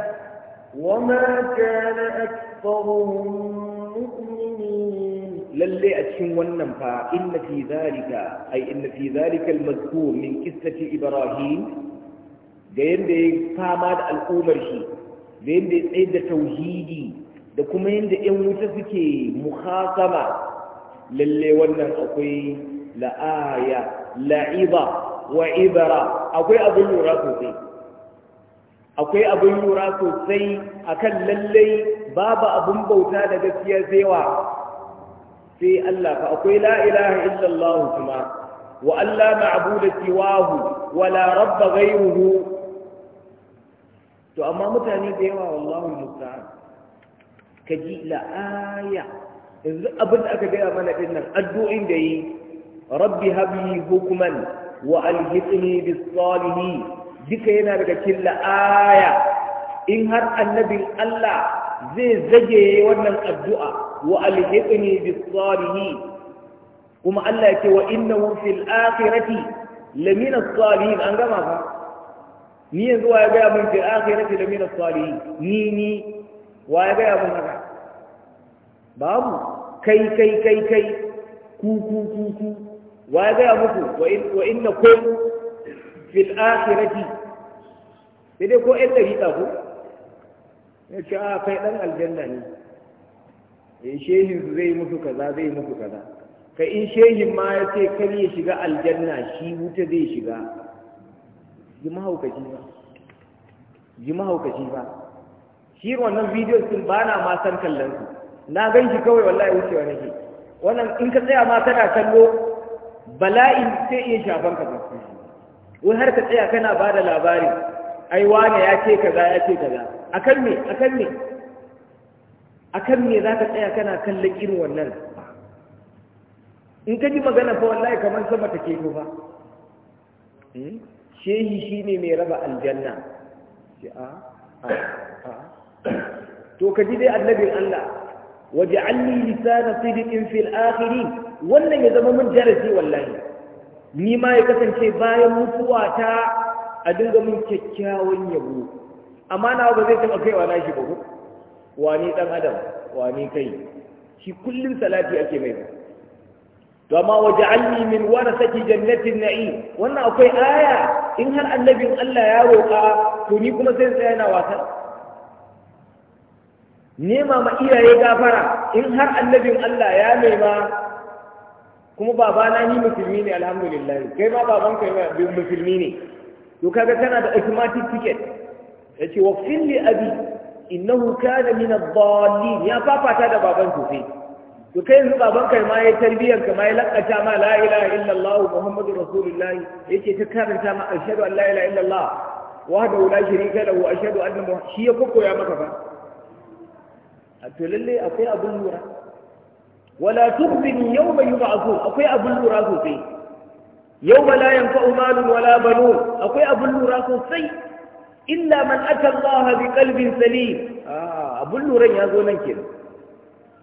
wa ma kana aktharuhum mu'minin lalle a cikin wannan fa inna fi zalika ay inna fi zalika al-mazkur min qissati ibrahim da yadda ya fama da al'ummar shi da yadda ya tsaye da tauhidi da kuma yadda 'yan wuta suke muhasama lalle wannan akwai la'aya la'iba wa ibara akwai abin lura sosai akwai abin lura sosai akan lallai babu abin bauta da gaskiya zewa sai Allah fa akwai la ilaha illallah kuma wa Allah ma'budu siwahu wa la rabba ghayruhu to amma mutane da yawa wallahi musta'an kaji la aya yanzu abin da aka gaya mana dinnan addu'in da yi rabbi habli hukman wa alhiqni bis salihin duka yana daga cikin la'aya in har annabin Allah zai zage wannan addu'a wa alhiqni bis salihin kuma Allah ya ce wa innahu fil akhirati lamina salihin an gama fa ni yanzu wa ya ga mun fil akhirati lamina salihin ni ni wa ya ga mun haka babu kai kai kai kai ku ku ku ku wa ya gaya muku wa inna kun fil akhirati sai dai ko ɗan ɗariƙa ko ya ce a ah, kai ɗan aljanna ne in eh, shehin su zai musu kaza zai musu kaza kai in shehin ma ya ce kar ya shiga aljanna shi wuta zai shiga ji mahaukaci ba ji mahaukaci ba shi wannan bidiyo sun ba na ma san kallon su na gan shi kawai wallahi wucewa nake wannan in ka tsaya ma kana kallo bala'in sai iya shafan ka wai har ka tsaya kana ba da labari ai wane ya ce kaza ya ce kaza akan me akan me akan me za ka tsaya kana kallon irin wannan in ka ji magana fa wallahi kamar sama ta ke fa eh? shehi shi ne mai raba aljanna to ka ji dai annabin Allah waje lisa lisana sidiqin fil akhirin wannan ya zama mun darasi wallahi ni ma ya kasance bayan mutuwa ta a dinga mun kyakkyawan yabo amma na ba zai taɓa kaiwa na shi ba ko wani dan adam wani kai shi kullum salati ake mai ba to amma waj'alni min warasati jannatin na'im wannan akwai aya in har annabin Allah ya roƙa to ni kuma sai tsaya na wasa nema ma iyaye gafara in har annabin Allah ya nema kuma babana ni musulmi ne alhamdulillah kai ma baban kai musulmi ne to kaga tana da automatic ticket yace wa filli abi innahu kana min ad-dallin ya fafata da baban sosai to kai yanzu baban kai ma yayi tarbiyyar ka ma ya lakata ma la ilaha illallah muhammadur rasulullah yace ta karanta ma ashhadu an la ilaha illallah wahdahu la sharika lahu ashhadu anna shi ya ya maka fa a to lalle akwai abun lura wala tukhzini yawma yub'athun akwai abun lura sosai yawma la yanfa'u malun wala banun akwai abun lura sosai illa man ata Allah bi qalbin salim ah abun luran ya zo nan kenan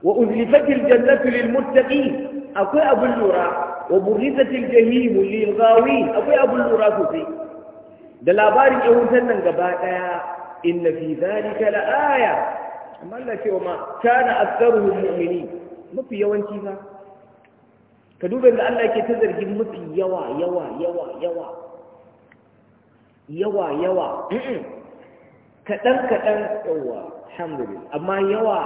wa uzlifatil jannatu lil muttaqin akwai abun lura wa burrizatil jahim lil ghawin akwai abun lura sosai da labarin yahudan nan gaba daya inna fi dhalika la aya amma Allah ce wa ma kana aktharuhum mu'minin mafi yawanci ba ka duba da Allah ke ta zargin mafi yawa yawa yawa yawa yawa yawa kaɗan kaɗan yawa alhamdulillah amma yawa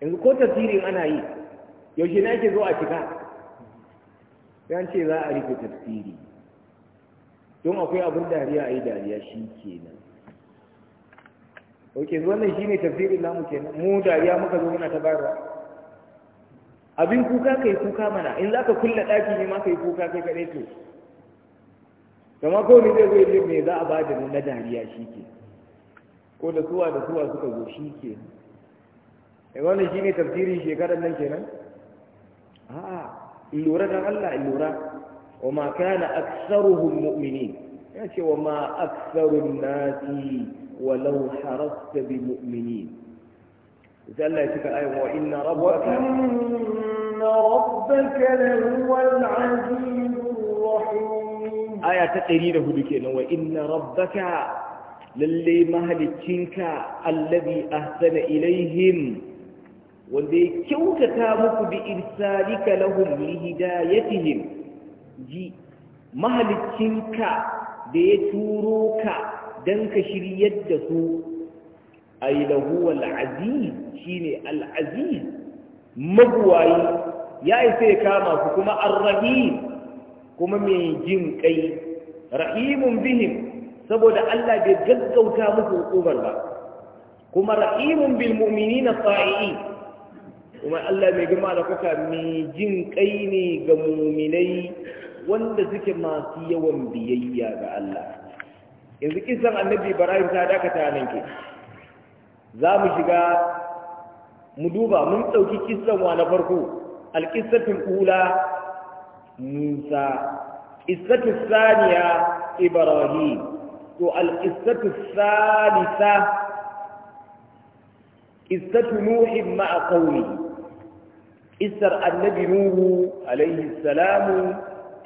yanzu ko tafsirin ana yi yaushe na ke zo a cika yan ce za a rufe tafsiri don akwai abin dariya a yi dariya shi kenan zuwa nan shi ne tafsirin namu kenan mu dariya muka zo muna ta bayarwa abin kuka kai kuka mana in za ka kulle ɗaki ne ma kai kuka kai kaɗai to kama ni zai zo yi me za a bada na dariya shi ke ko da suwa da suwa suka zo shi ke eh, wannan shi ne tafsirin shekarar nan kenan a'a in lura don Allah in lura wa ma kana aksaruhum mu'minin ya ce wa ma aksarun nasi ولو حرصت بمؤمنين زلت الآية وإن ربك وإن ربك لهو العزيز الرحيم آية تقريبه بكنا وإن ربك للي مهلكينك الذي أحسن إليهم والذي كوتتا مك بإرسالك لهم لهدايتهم جي مهلكينك بيتوروك don ka shiryar da su ai da al-aziz shine ne aziz magwayi ya isa ya kama su kuma ar-rahim kuma mai jin kai rahimun bihim saboda Allah bai gaggauta musu hukumar ba kuma rahimun bil mu'minina sa'i kuma Allah mai gama da kuka mai jin kai ne ga mu'minai wanda suke masu yawan biyayya ga Allah yanzu kisan annabi ibrahim ta dakata nan ke za mu shiga mu duba mun ɗauki kisan wa na farko alƙissatin ƙula musa ƙissatin saniya ibrahim to alƙissatin salisa ƙissatin nuhin ma'a ƙauri annabi nuhu alaihi salamu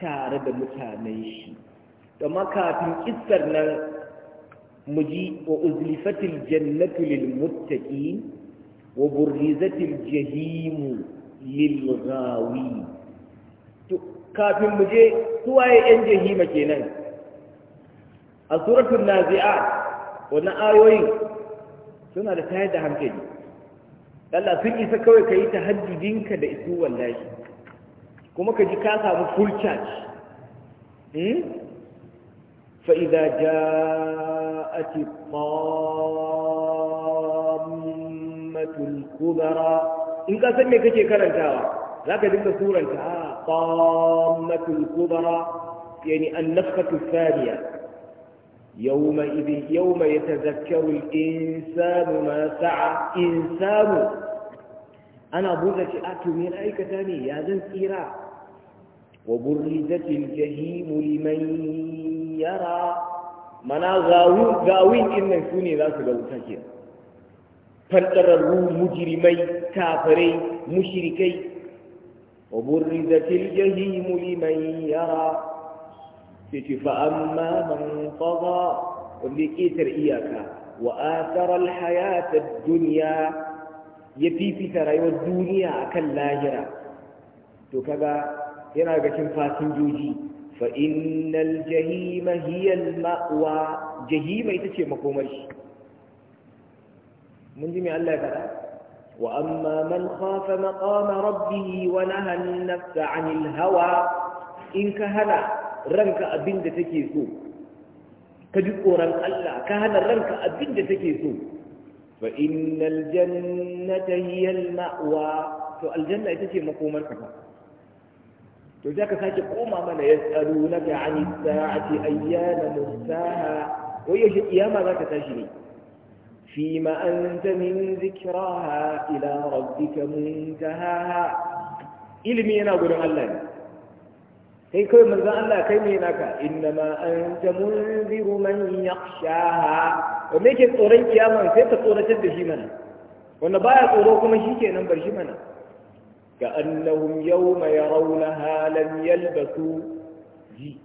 tare da mutanen shi da kafin iskar nan mu ji wa uzlifatil jannatu lil muttaqin wa burrizatil jahim lil ghawi to kafin mu je suwaye yan jahima kenan a suratul nazi'at wannan ayoyin suna da tayar da hankali Allah sun isa kawai ka yi tahajjudinka da isu wallahi kuma ka ji ka samu full charge hmm? فإذا جاءت الطامة الكبرى إن كان سمي كشي كرنتاوا ذاك ذكر سورة آه، طامة الكبرى يعني النفخة الثانية يومئذ يوم يتذكر الإنسان ما سعى إنسان أنا بوزة أكل من أيك ثاني يا ذن سيرا وبرزت الجحيم لمن yara mana gawin innan su ne za su ga wuta ke fantararru mujirimai kafirai mushirikai wa burrizatil jahimu liman yara sai ce fa amma wanda ya ketar iyaka wa athara al hayata ya fifita rayuwar duniya akan lahira to kaga yana ga cin fasinjoji فإن الجهيم هي المأوى جهيم يتشي مقومر من جميع الله فلا وأما من خاف مقام ربه ونهى النفس عن الهوى إن كهنا رنك أبين تكيسو كجب رن الله كهنا رنك أبين تكيسو فإن الجنة هي المأوى فالجنة يتشي مقومر كذا to sai ka sake koma mana ya tsaro na ga ani sa'ati ayyana musaha wai yaushe kiyama za ka tashi ne fi ma anta min zikraha ila rabbika muntahaha ilimi yana gurin Allah ne kai kai manzon Allah kai ne naka inna ma anta munziru man yakhshaha to me ke tsoron kiyama sai ta tsoratar da shi mana wanda baya tsoro kuma shikenan bar shi mana كأنهم يوم يرونها لم يلبثوا جي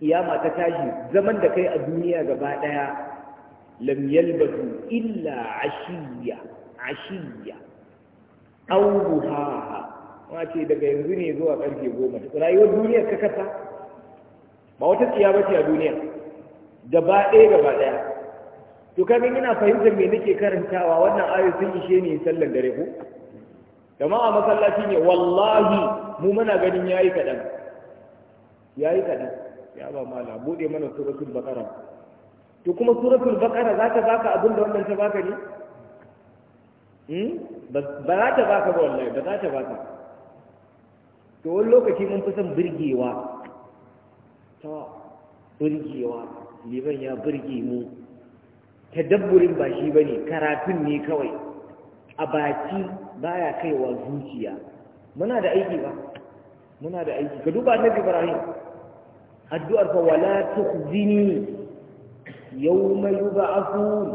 قيامة تتاجي زمن دكي الدنيا قبادها لم يلبثوا إلا عشية عشية أو ضحاها ما ce daga yanzu ne zuwa karfe goma rayuwar duniyar ka kasa ba wata tsiyaba ce a duniya gaba ɗaya gaba ɗaya to kaga ina fahimtar me nake karantawa wannan ayoyi sun ishe ni sallan dare ko jama'a masallaci ne wallahi mu muna ganin yayi kadan yayi kadan ya ba mala bude mana suratul baqara to kuma suratul baqara za ta baka abin da wannan ta baka ne hmm ba za ta baka ba wallahi ba za ta baka to wani lokaci mun fi son birgewa ta birgewa liban ya birge mu tadabburin ba shi bane karatun ne kawai a baki baya kaiwa zuciya muna da aiki ba muna da aiki ka duba annabi ibrahim addu'ar fa wala tukhzini yawma yub'athun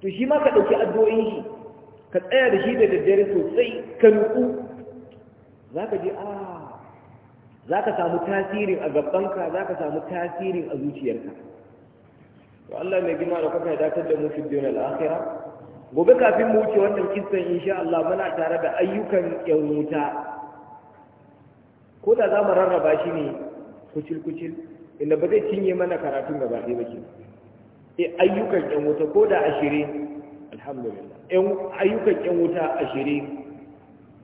to shi ma ka dauki addu'o'in shi ka tsaya da shi da daddare sosai ka nuku zaka ji a ah, zaka samu tasirin a gabanka zaka samu tasirin a zuciyarka to Allah mai girma da kuka ya dace da mu fi duniyar akhirah gobe kafin mu wuce wannan kisan insha Allah muna tare da ayyukan yan wuta ko da za mu rarraba shi ne kucil-kucil inda ba zai cinye mana karatun gaba ɗaya ba ke e eh, ayyukan yan wuta ko da ashirin alhamdulillah ayyukan yan wuta ashirin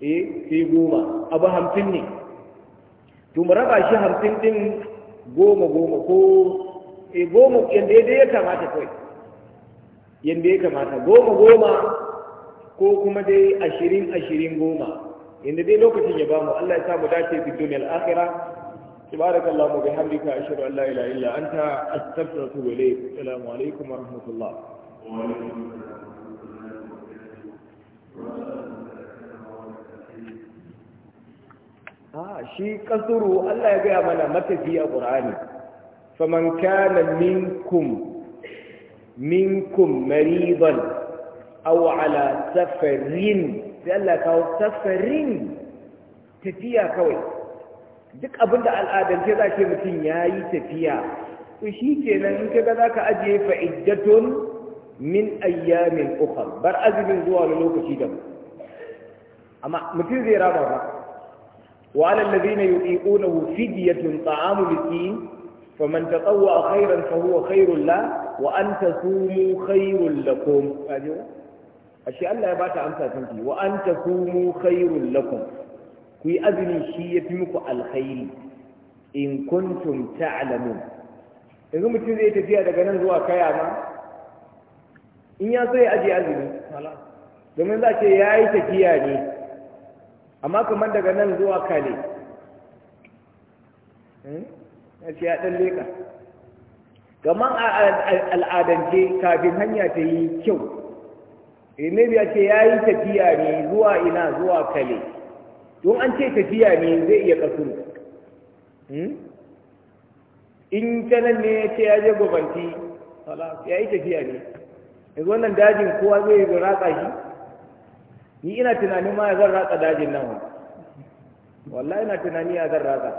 e sai goma abu hamsin ne to mu raba shi hamsin din eh, goma goma ko e goma yadda ya kamata kawai yadda ya kamata goma goma ko kuma dai ashirin ashirin goma yadda dai lokacin ya bamu Allah ya samu dace fi duniyar akhira subhanakallahu wa bihamdika ashhadu an la ilaha illa anta astaghfiruka wa atubu ilayk assalamu alaikum wa rahmatullah wa alaikum a ah, shi kasuru Allah ya gaya mana matafiya qur'ani faman kana minkum minkum maridan aw ala safarin sai Allah kawo safarin tafiya kawai duk abin da al'adance za ce mutum ya yi tafiya to shi kenan in kaga za ka ajiye fa'iddatun min ayyamin ukhar bar azumin zuwa wani lokaci da amma mutum zai raba ba wa ala alladhina yuqinuhu fidyatun ta'amu miskin faman tatawwa khairan fa huwa khairul la wa an tasumu khairul lakum kaje ashe Allah ya bata amsa kan wa an tasumu khairul lakum ku yi azumi shi ya fi muku alkhairi in kuntum ta'lamun yanzu mutum zai tafiya daga nan zuwa kaya ma in ya so ya aje azumi domin za ce ya yi tafiya ne amma kamar daga nan zuwa kale hmm? ya ce ya ɗan leƙa kamar a al'adance kafin hanya ta yi kyau ne ya ce ya yi tafiya ne zuwa ina zuwa kale don an ce tafiya ne zai iya kasuru hmm? in kanan ne ya ce ya je gwabanti ya yi tafiya ne yanzu wannan dajin kowa zai ratsa shi ni ina tunanin ma zan ratsa dajin nan wallahi ina tunani ya zan ratsa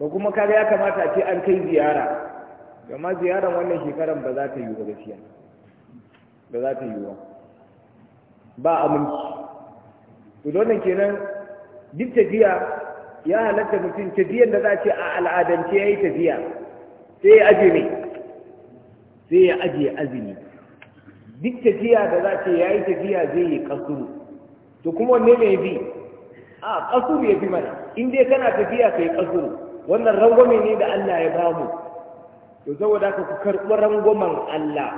ba kuma kare ya kamata a ce an kai ziyara amma ziyarar wannan shekarar ba za ta yi ba gaskiya ba za ta yi ba ba aminci to donan kenan duk tafiya ya halatta mutum tafiyar da za ce a al'adance ya yi tafiya sai ya ajiye sai ya aje azumi duk tafiya da za ce ya yi tafiya zai yi kasuru to kuma wanne mai bi a kasuru ya fi mana in dai kana tafiya kai kasuru wannan rangwame ne da Allah ya mu. to saboda ka ku karɓi rangwamen Allah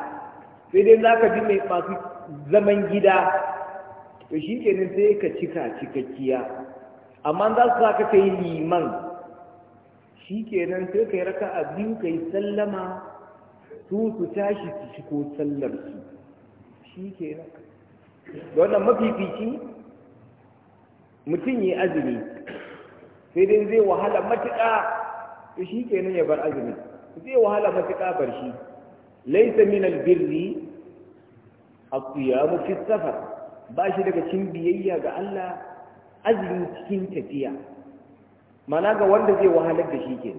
sai dai za ka ji mai masu zaman gida to shi kenan sai ka cika cikakkiya amma za su sa ka yi liman shi kenan sai ka yi raka a biyu ka yi sallama su su tashi su ko sallar su shi kenan da wannan mafifici mutum yi azumi sai dai zai wahala matuƙa to shi kenan ya bar azumi zai wahala matuƙa bar shi laisa min albirri asiyamu fi safar ba shi daga cin biyayya ga Allah azumin cikin tafiya mana ga wanda zai wahalar da shi ke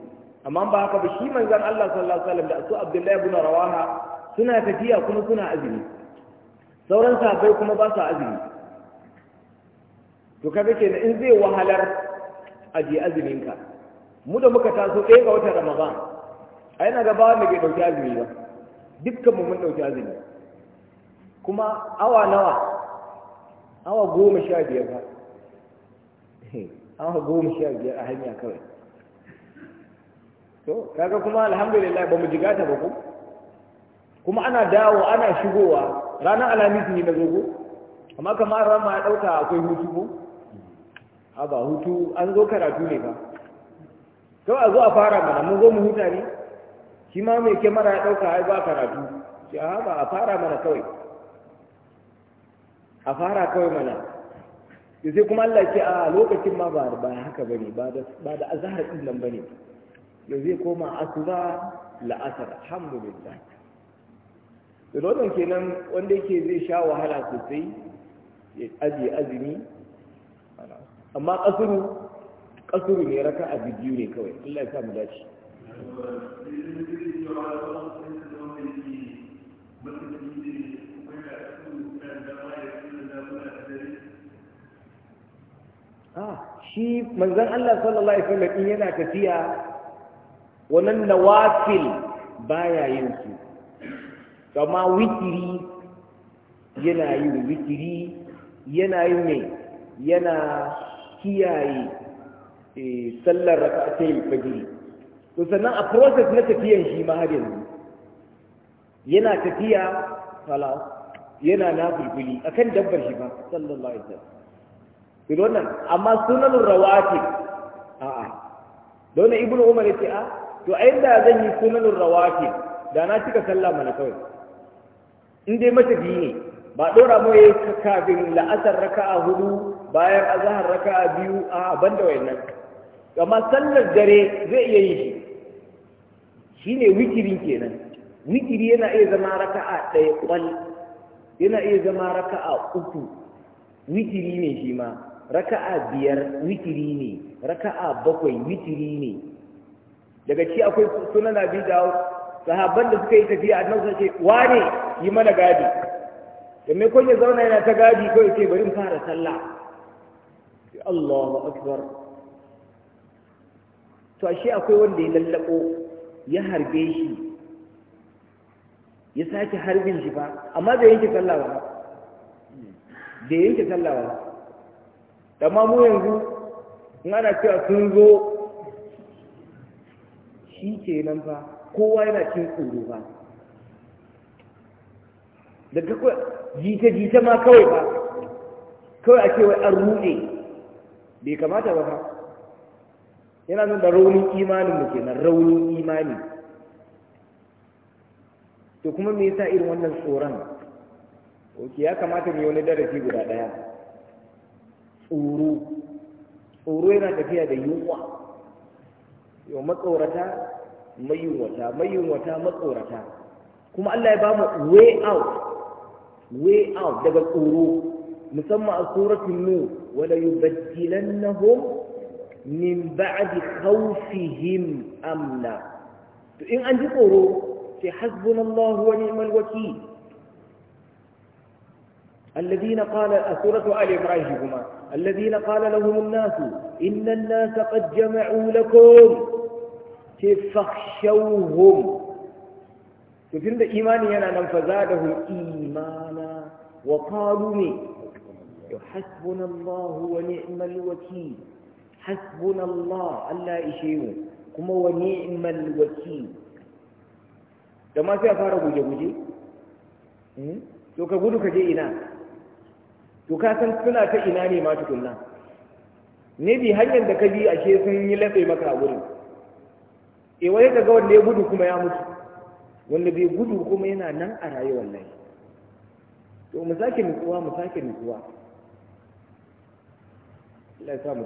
amma ba haka ba shi manzon Allah sallallahu alaihi wasallam da su Abdullahi ibn Rawaha suna tafiya kuma suna azumi sauran sahabbai kuma ba su azumi to kaga kenan in zai wahalar aje azumin ka mu da muka taso ɗaya ga watan Ramadan ai na gaba wanda bai dauki azumi ba dukkan mu mun dauki azumi kuma awa nawa awa goma sha biyar ba awa goma sha biyar a hanya kawai to kaga kuma alhamdulillah ba mu jiga ta ba ko kuma ana dawo ana shigowa ranar alhamis ne na zogo amma kamar ran ma ya dauka akwai hutu ko a ba hutu an zo karatu ne ba kawai a zo a fara mana mun zo mu huta ne shi ma mai kyamara ya ɗauka ai ba karatu shi a ba a fara mana kawai a fara kawai mana sai kuma Allah ce a lokacin ma ba haka ba ne ba da azahar ɗin nan ba ne yau zai koma asuba la'asar alhamdulillah da wannan kenan wanda yake zai sha wahala sosai ya ajiye azumi amma kasuru kasuru ne raka a biyu ne kawai Allah ya sa mu dace Ah, shi manzan Allah sallallahu Alaihi wasallam in yana tafiya wannan nawafil baya yin su kama witiri yana yin witiri yana yin mai yana kiyaye eh, sallar raka'atai fajiri to sannan a process na tafiyan shi ma har yanzu yana tafiya sala yana na bulbuli akan dabbar shi ba sallallahu alaihi wasallam to wannan amma sunan rawati a a don ibnu umar yace ah, a to ai da zan yi sunan rawati da na cika sallah mana kawai in dai bi ne ba dora mu yayi kafin la'asar raka'a hudu bayan azhar raka'a biyu a banda wayannan amma sallar dare zai iya yi shi ne witirin kenan witiri yana iya zama raka'a ɗaya ƙwal yana iya zama raka'a uku witiri ne shi ma raka'a biyar witiri ne raka'a bakwai witiri ne daga ci akwai sunan abi dawo sahabban da suka yi tafiya annabi sai ce wane yi mana gadi da me kun ya zauna yana ta gadi kawai ce bari fara sallah Allahu akbar to shi akwai wanda ya lallako ya harbe shi ya sake harbin shi ba amma bai yanke sallawa ba bai yanke sallawa ba amma mu yanzu in ana cewa sun zo shi ke nan fa kowa yana cin tsoro ba Da kawai jita-jita ma kawai ba kawai a cewa an ruɗe bai kamata ba ba. yana nan da raunin imanin mu kenan raunin imani to kuma me yasa irin wannan tsoron oke ya kamata mu yi wani darasi guda ɗaya tsoro tsoro yana tafiya da yunwa yau matsorata mayunwata mayunwata matsorata kuma Allah ya bamu way out way out daga tsoro musamman a suratul nur wala yubaddilannahum min ba'di khawfihim amna to in an ji tsoro sai hasbunallahu wa ni'mal wakil الذين قال سورة آل عمران هما الذين قال لهم الناس إن الناس قد جمعوا لكم فاخشوهم تفند إيماني أنا من فزادهم إيمانا وقالوا لي حسبنا الله ونعم الوكيل hasbunallah Allah ishe mu kuma wa ni'mal wakil da ma sai a fara guje-guje hmm? to ka gudu ka je ina to ka san suna ta ina ne ma tukunna ne bi hanyar da ka bi a ke sun yi latsa maka a wurin e wani ka ga ya gudu kuma ya mutu wanda bai gudu kuma yana nan a rayuwar nan to mu sake nutsuwa mu sake nutsuwa Allah ya sa mu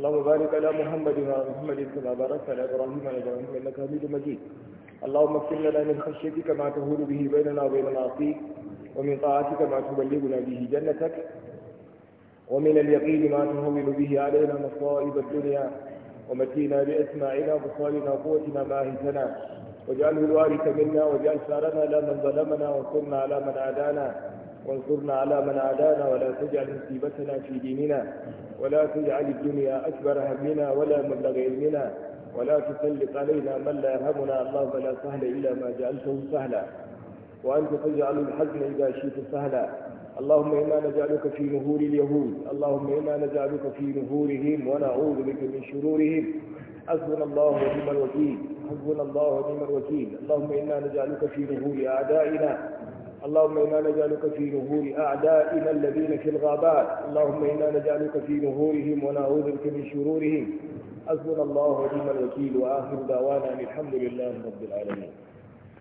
اللهم بارك على محمد وعلى محمد كما باركت على ابراهيم وعلى ابراهيم انك حميد مجيد اللهم اغفر لنا من خشيتك ما تهون به بيننا وبين معصيك ومن طاعتك ما تبلغنا به جنتك ومن اليقين ما تهون به علينا مصائب الدنيا ومتينا باسماعنا وبصارنا وقوتنا ما اهتنا واجعله الوارث منا واجعل ثارنا لا من ظلمنا وانصرنا على من عادانا وانصرنا على من عادانا ولا تجعل مصيبتنا في ديننا ولا تجعل الدنيا أكبر همنا ولا مبلغ علمنا ولا تسلط علينا من لا يرهمنا اللهم لا سهل إلا ما جعلته سهلا وأنت تجعل الحزن إذا شئت سهلا اللهم إنا نجعلك في نهور اليهود اللهم إنا نجعلك في نهورهم ونعوذ بك من شرورهم حسبنا الله ونعم الوكيل حسبنا الله ونعم الوكيل اللهم إنا نجعلك في نهور أعدائنا اللهم إنا نجعلك في نهور أعدائنا الذين في الغابات اللهم إنا نجعلك في نهورهم ونعوذ بك من شرورهم حسبنا الله ونعم الوكيل وآخر دعوانا الحمد لله رب العالمين